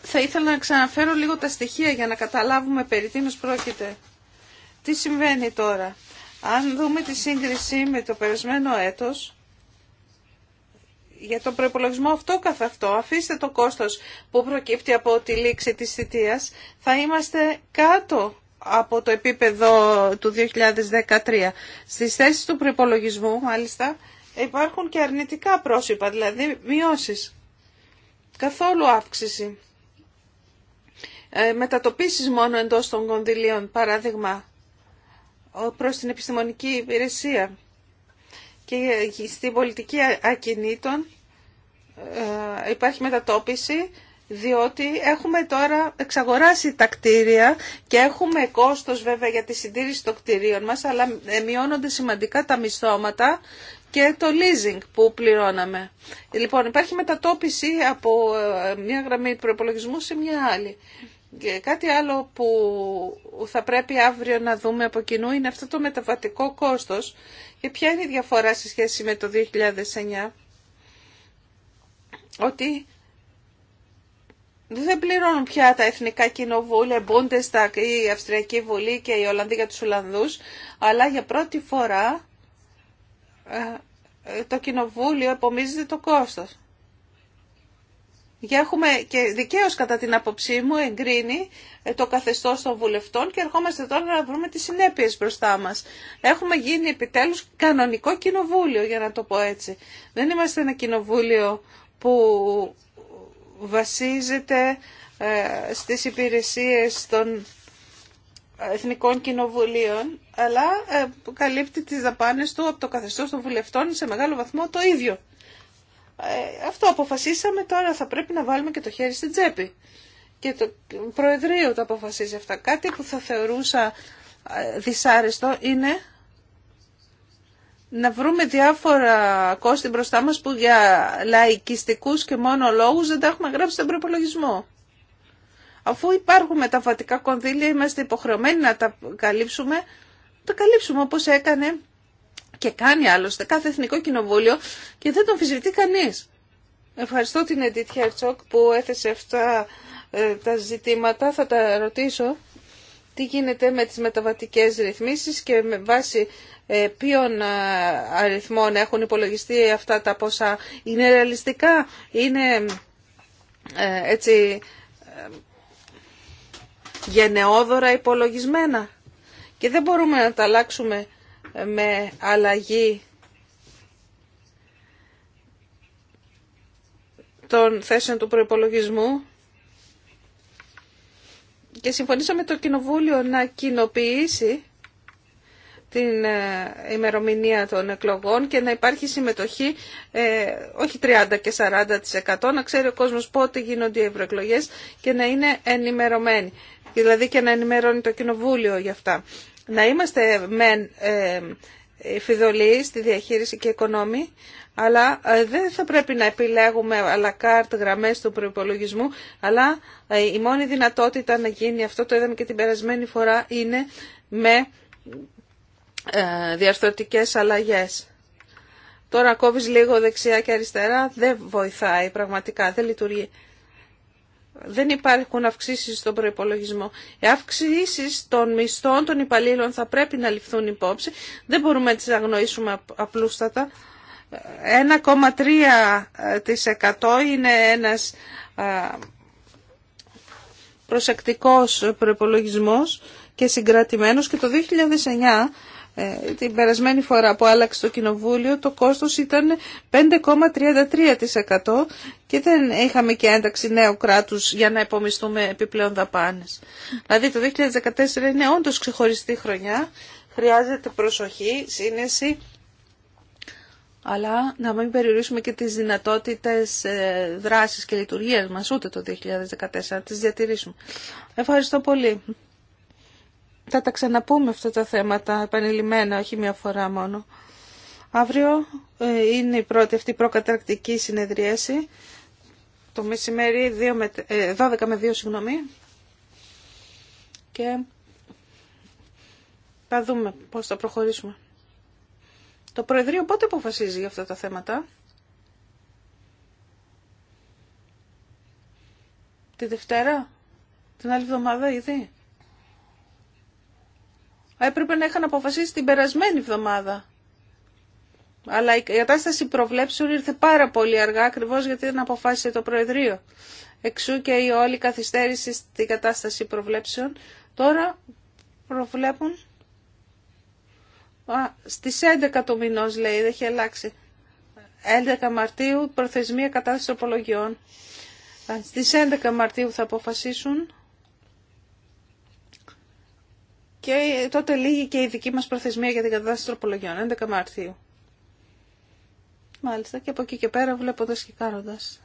Θα ήθελα να ξαναφέρω λίγο τα στοιχεία για να καταλάβουμε περί τίνος πρόκειται. Τι συμβαίνει τώρα. Αν δούμε τη σύγκριση με το περασμένο έτος, για τον προπολογισμό αυτό καθ' αυτό, αφήστε το κόστος που προκύπτει από τη λήξη της θητείας, θα είμαστε κάτω από το επίπεδο του 2013. Στις θέσεις του προπολογισμού, μάλιστα, υπάρχουν και αρνητικά πρόσωπα, δηλαδή μειώσεις. Καθόλου αύξηση. Ε, μετατοπίσεις μόνο εντός των κονδυλίων, παράδειγμα, προς την επιστημονική υπηρεσία και ε, στην πολιτική ακινήτων ε, υπάρχει μετατόπιση διότι έχουμε τώρα εξαγοράσει τα κτίρια και έχουμε κόστος βέβαια για τη συντήρηση των κτιρίων μας, αλλά ε, μειώνονται σημαντικά τα μισθώματα και το leasing που πληρώναμε. Λοιπόν, υπάρχει μετατόπιση από ε, μια γραμμή προπολογισμού σε μια άλλη. Και κάτι άλλο που θα πρέπει αύριο να δούμε από κοινού είναι αυτό το μεταβατικό κόστος και ποια είναι η διαφορά σε σχέση με το 2009. Ότι δεν πληρώνουν πια τα εθνικά κοινοβούλια, Bundestag ή η αυστριακη Βουλή και η Ολλανδία για τους Ολλανδούς, αλλά για πρώτη φορά ε, ε, το κοινοβούλιο επομίζεται το κόστος. Για έχουμε και δικαίω κατά την άποψή μου εγκρίνει ε, το καθεστώς των βουλευτών και ερχόμαστε τώρα να βρούμε τις συνέπειες μπροστά μας. Έχουμε γίνει επιτέλους κανονικό κοινοβούλιο για να το πω έτσι. Δεν είμαστε ένα κοινοβούλιο που βασίζεται ε, στις υπηρεσίες των Εθνικών Κοινοβουλίων, αλλά ε, καλύπτει τις δαπάνες του από το καθεστώς των βουλευτών σε μεγάλο βαθμό το ίδιο. Ε, αυτό αποφασίσαμε, τώρα θα πρέπει να βάλουμε και το χέρι στην τσέπη. Και το Προεδρείο το αποφασίζει αυτά. Κάτι που θα θεωρούσα δυσάρεστο είναι να βρούμε διάφορα κόστη μπροστά μας που για λαϊκιστικούς και μόνο λόγους δεν τα έχουμε γράψει στον προπολογισμό. Αφού υπάρχουν μεταβατικά κονδύλια, είμαστε υποχρεωμένοι να τα καλύψουμε, τα καλύψουμε όπως έκανε και κάνει άλλωστε κάθε εθνικό κοινοβούλιο και δεν τον φυσβητεί κανείς. Ευχαριστώ την Edith Herzog που έθεσε αυτά ε, τα ζητήματα, θα τα ρωτήσω τι γίνεται με τις μεταβατικές ρυθμίσεις και με βάση ε, ποιων ε, αριθμών έχουν υπολογιστεί αυτά τα ποσά. Είναι ρεαλιστικά, είναι ε, έτσι γενναιόδωρα υπολογισμένα και δεν μπορούμε να τα αλλάξουμε με αλλαγή των θέσεων του προϋπολογισμού και συμφωνήσαμε το Κοινοβούλιο να κοινοποιήσει την ε, ημερομηνία των εκλογών και να υπάρχει συμμετοχή ε, όχι 30 και 40% να ξέρει ο κόσμος πότε γίνονται οι ευρωεκλογέ και να είναι ενημερωμένοι. Δηλαδή και να ενημερώνει το Κοινοβούλιο για αυτά. Να είμαστε μεν ε, ε, φιδωλοί στη διαχείριση και οικονόμη, αλλά ε, δεν θα πρέπει να επιλέγουμε αλακάρτ γραμμές του προϋπολογισμού, αλλά ε, η μόνη δυνατότητα να γίνει αυτό, το είδαμε και την περασμένη φορά, είναι με ε, διαρθρωτικές αλλαγές. Τώρα κόβεις λίγο δεξιά και αριστερά, δεν βοηθάει πραγματικά, δεν λειτουργεί. Δεν υπάρχουν αυξήσεις στον προϋπολογισμό. Οι αυξήσεις των μισθών των υπαλλήλων θα πρέπει να ληφθούν υπόψη. Δεν μπορούμε να τις αγνοήσουμε απλούστατα. 1,3% είναι ένας προσεκτικός προϋπολογισμός και συγκρατημένος και το 2009 ε, την περασμένη φορά που άλλαξε το κοινοβούλιο το κόστος ήταν 5,33% και δεν είχαμε και ένταξη νέου κράτους για να επομιστούμε επιπλέον δαπάνες. Δηλαδή το 2014 είναι όντως ξεχωριστή χρονιά, χρειάζεται προσοχή, σύνεση αλλά να μην περιορίσουμε και τις δυνατότητες ε, δράσης και λειτουργίας μας, ούτε το 2014, να τις διατηρήσουμε. Ευχαριστώ πολύ. Θα τα ξαναπούμε αυτά τα θέματα επανειλημμένα, όχι μία φορά μόνο. Αύριο ε, είναι η πρώτη αυτή προκαταρκτική συνεδρίαση, το μεσημέρι 2 με, 12 ε, με 2, συγγνώμη. Και θα δούμε πώς θα προχωρήσουμε. Το Προεδρείο πότε αποφασίζει για αυτά τα θέματα. Τη Δευτέρα, την άλλη εβδομάδα ήδη. Έπρεπε να είχαν αποφασίσει την περασμένη εβδομάδα. Αλλά η κατάσταση προβλέψεων ήρθε πάρα πολύ αργά ακριβώ γιατί δεν αποφάσισε το Προεδρείο. Εξού και η όλη καθυστέρηση στην κατάσταση προβλέψεων. Τώρα προβλέπουν Α, στις 11 του μηνός λέει, δεν έχει αλλάξει. 11 Μαρτίου προθεσμία κατάσταση τροπολογιών. Στις 11 Μαρτίου θα αποφασίσουν και τότε λύγει και η δική μας προθεσμία για την κατάσταση τροπολογιών, 11 Μαρτίου. Μάλιστα και από εκεί και πέρα βλέποντας και κάνοντας.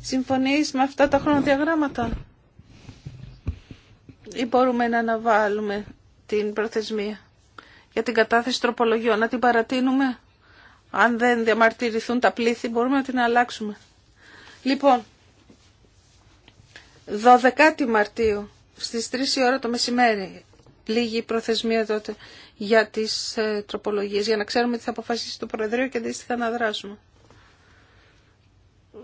Συμφωνείς με αυτά τα χρονοδιαγράμματα ή μπορούμε να αναβάλουμε την προθεσμία για την κατάθεση τροπολογιών, να την παρατείνουμε. Αν δεν διαμαρτυρηθούν τα πλήθη μπορούμε να την αλλάξουμε. Λοιπόν, 12 Μαρτίου στις 3 η ώρα το μεσημέρι λίγη προθεσμία τότε για τις ε, τροπολογίες, για να ξέρουμε τι θα αποφασίσει το Προεδρείο και αντίστοιχα να δράσουμε.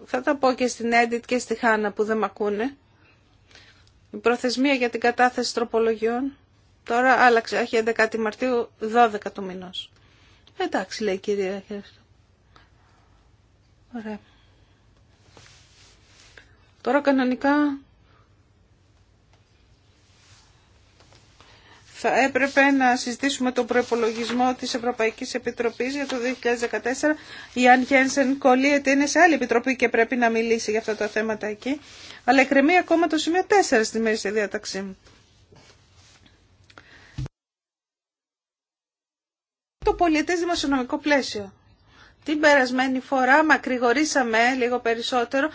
Θα τα πω και στην Έντιτ και στη Χάνα που δεν μ' ακούνε. Η προθεσμία για την κατάθεση τροπολογιών τώρα άλλαξε, έχει 11 Μαρτίου, 12 του μηνός. Εντάξει, λέει η κυρία Ωραία. Τώρα κανονικά θα έπρεπε να συζητήσουμε τον προπολογισμό της Ευρωπαϊκής Επιτροπής για το 2014. Η Αν Γένσεν κολλείεται, είναι σε άλλη επιτροπή και πρέπει να μιλήσει για αυτά τα θέματα εκεί. Αλλά εκκρεμεί ακόμα το σημείο 4 στη μέση διάταξή μου. Το πολιτές δημοσιονομικό πλαίσιο. Την περασμένη φορά μακρηγορήσαμε λίγο περισσότερο.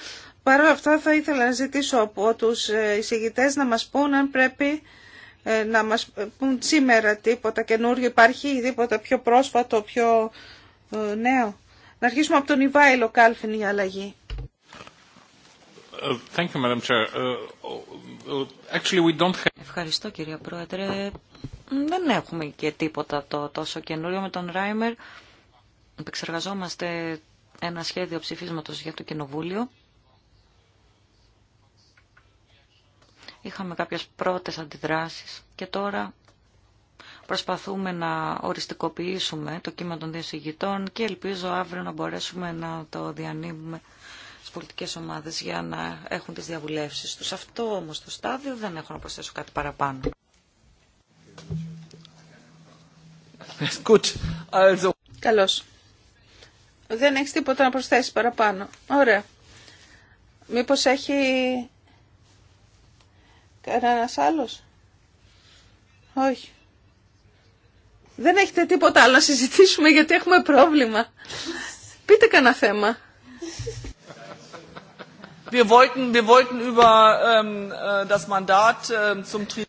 Παρ' όλα αυτά θα ήθελα να ζητήσω από τους ε, εισηγητές να μας πούν αν πρέπει ε, να μας πούν σήμερα τίποτα καινούριο, υπάρχει τίποτα πιο πρόσφατο, πιο ε, νέο. Να αρχίσουμε από τον Ιβάιλο Κάλφιν η αλλαγή. Ευχαριστώ κυρία Πρόεδρε. Δεν έχουμε και τίποτα το τόσο καινούριο με τον Ράιμερ. Επεξεργαζόμαστε ένα σχέδιο ψηφίσματος για το Κοινοβούλιο Είχαμε κάποιες πρώτες αντιδράσεις και τώρα προσπαθούμε να οριστικοποιήσουμε το κύμα των διασυγητών και ελπίζω αύριο να μπορέσουμε να το διανύμουμε στις πολιτικές ομάδες για να έχουν τις διαβουλεύσεις τους. Αυτό όμως το στάδιο δεν έχω να προσθέσω κάτι παραπάνω. Καλώς. Δεν έχεις τίποτα να προσθέσεις παραπάνω. Ωραία. Μήπως έχει Κανένα άλλο. Όχι. Δεν έχετε τίποτα άλλο να συζητήσουμε γιατί έχουμε πρόβλημα. Πείτε κανένα θέμα. Wir wollten,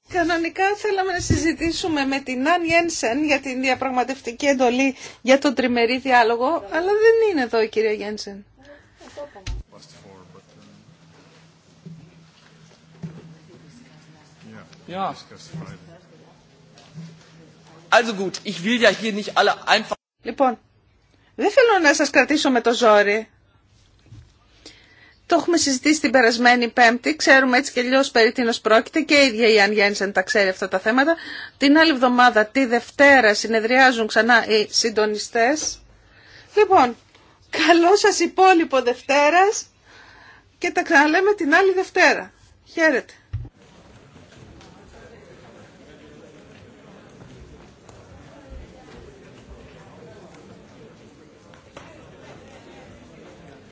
Κανονικά θέλαμε να συζητήσουμε με την Αν Γένσεν για την διαπραγματευτική εντολή για τον τριμερή διάλογο, αλλά δεν είναι εδώ η κυρία Γένσεν. Λοιπόν, δεν θέλω να σας κρατήσω με το ζόρι. Το έχουμε συζητήσει την περασμένη Πέμπτη. Ξέρουμε έτσι και λιώς περί τίνος πρόκειται και η ίδια η Αν Γέννησεν τα ξέρει αυτά τα θέματα. Την άλλη εβδομάδα, τη Δευτέρα, συνεδριάζουν ξανά οι συντονιστές. Λοιπόν, καλό σας υπόλοιπο Δευτέρας και τα ξαναλέμε την άλλη Δευτέρα. Χαίρετε.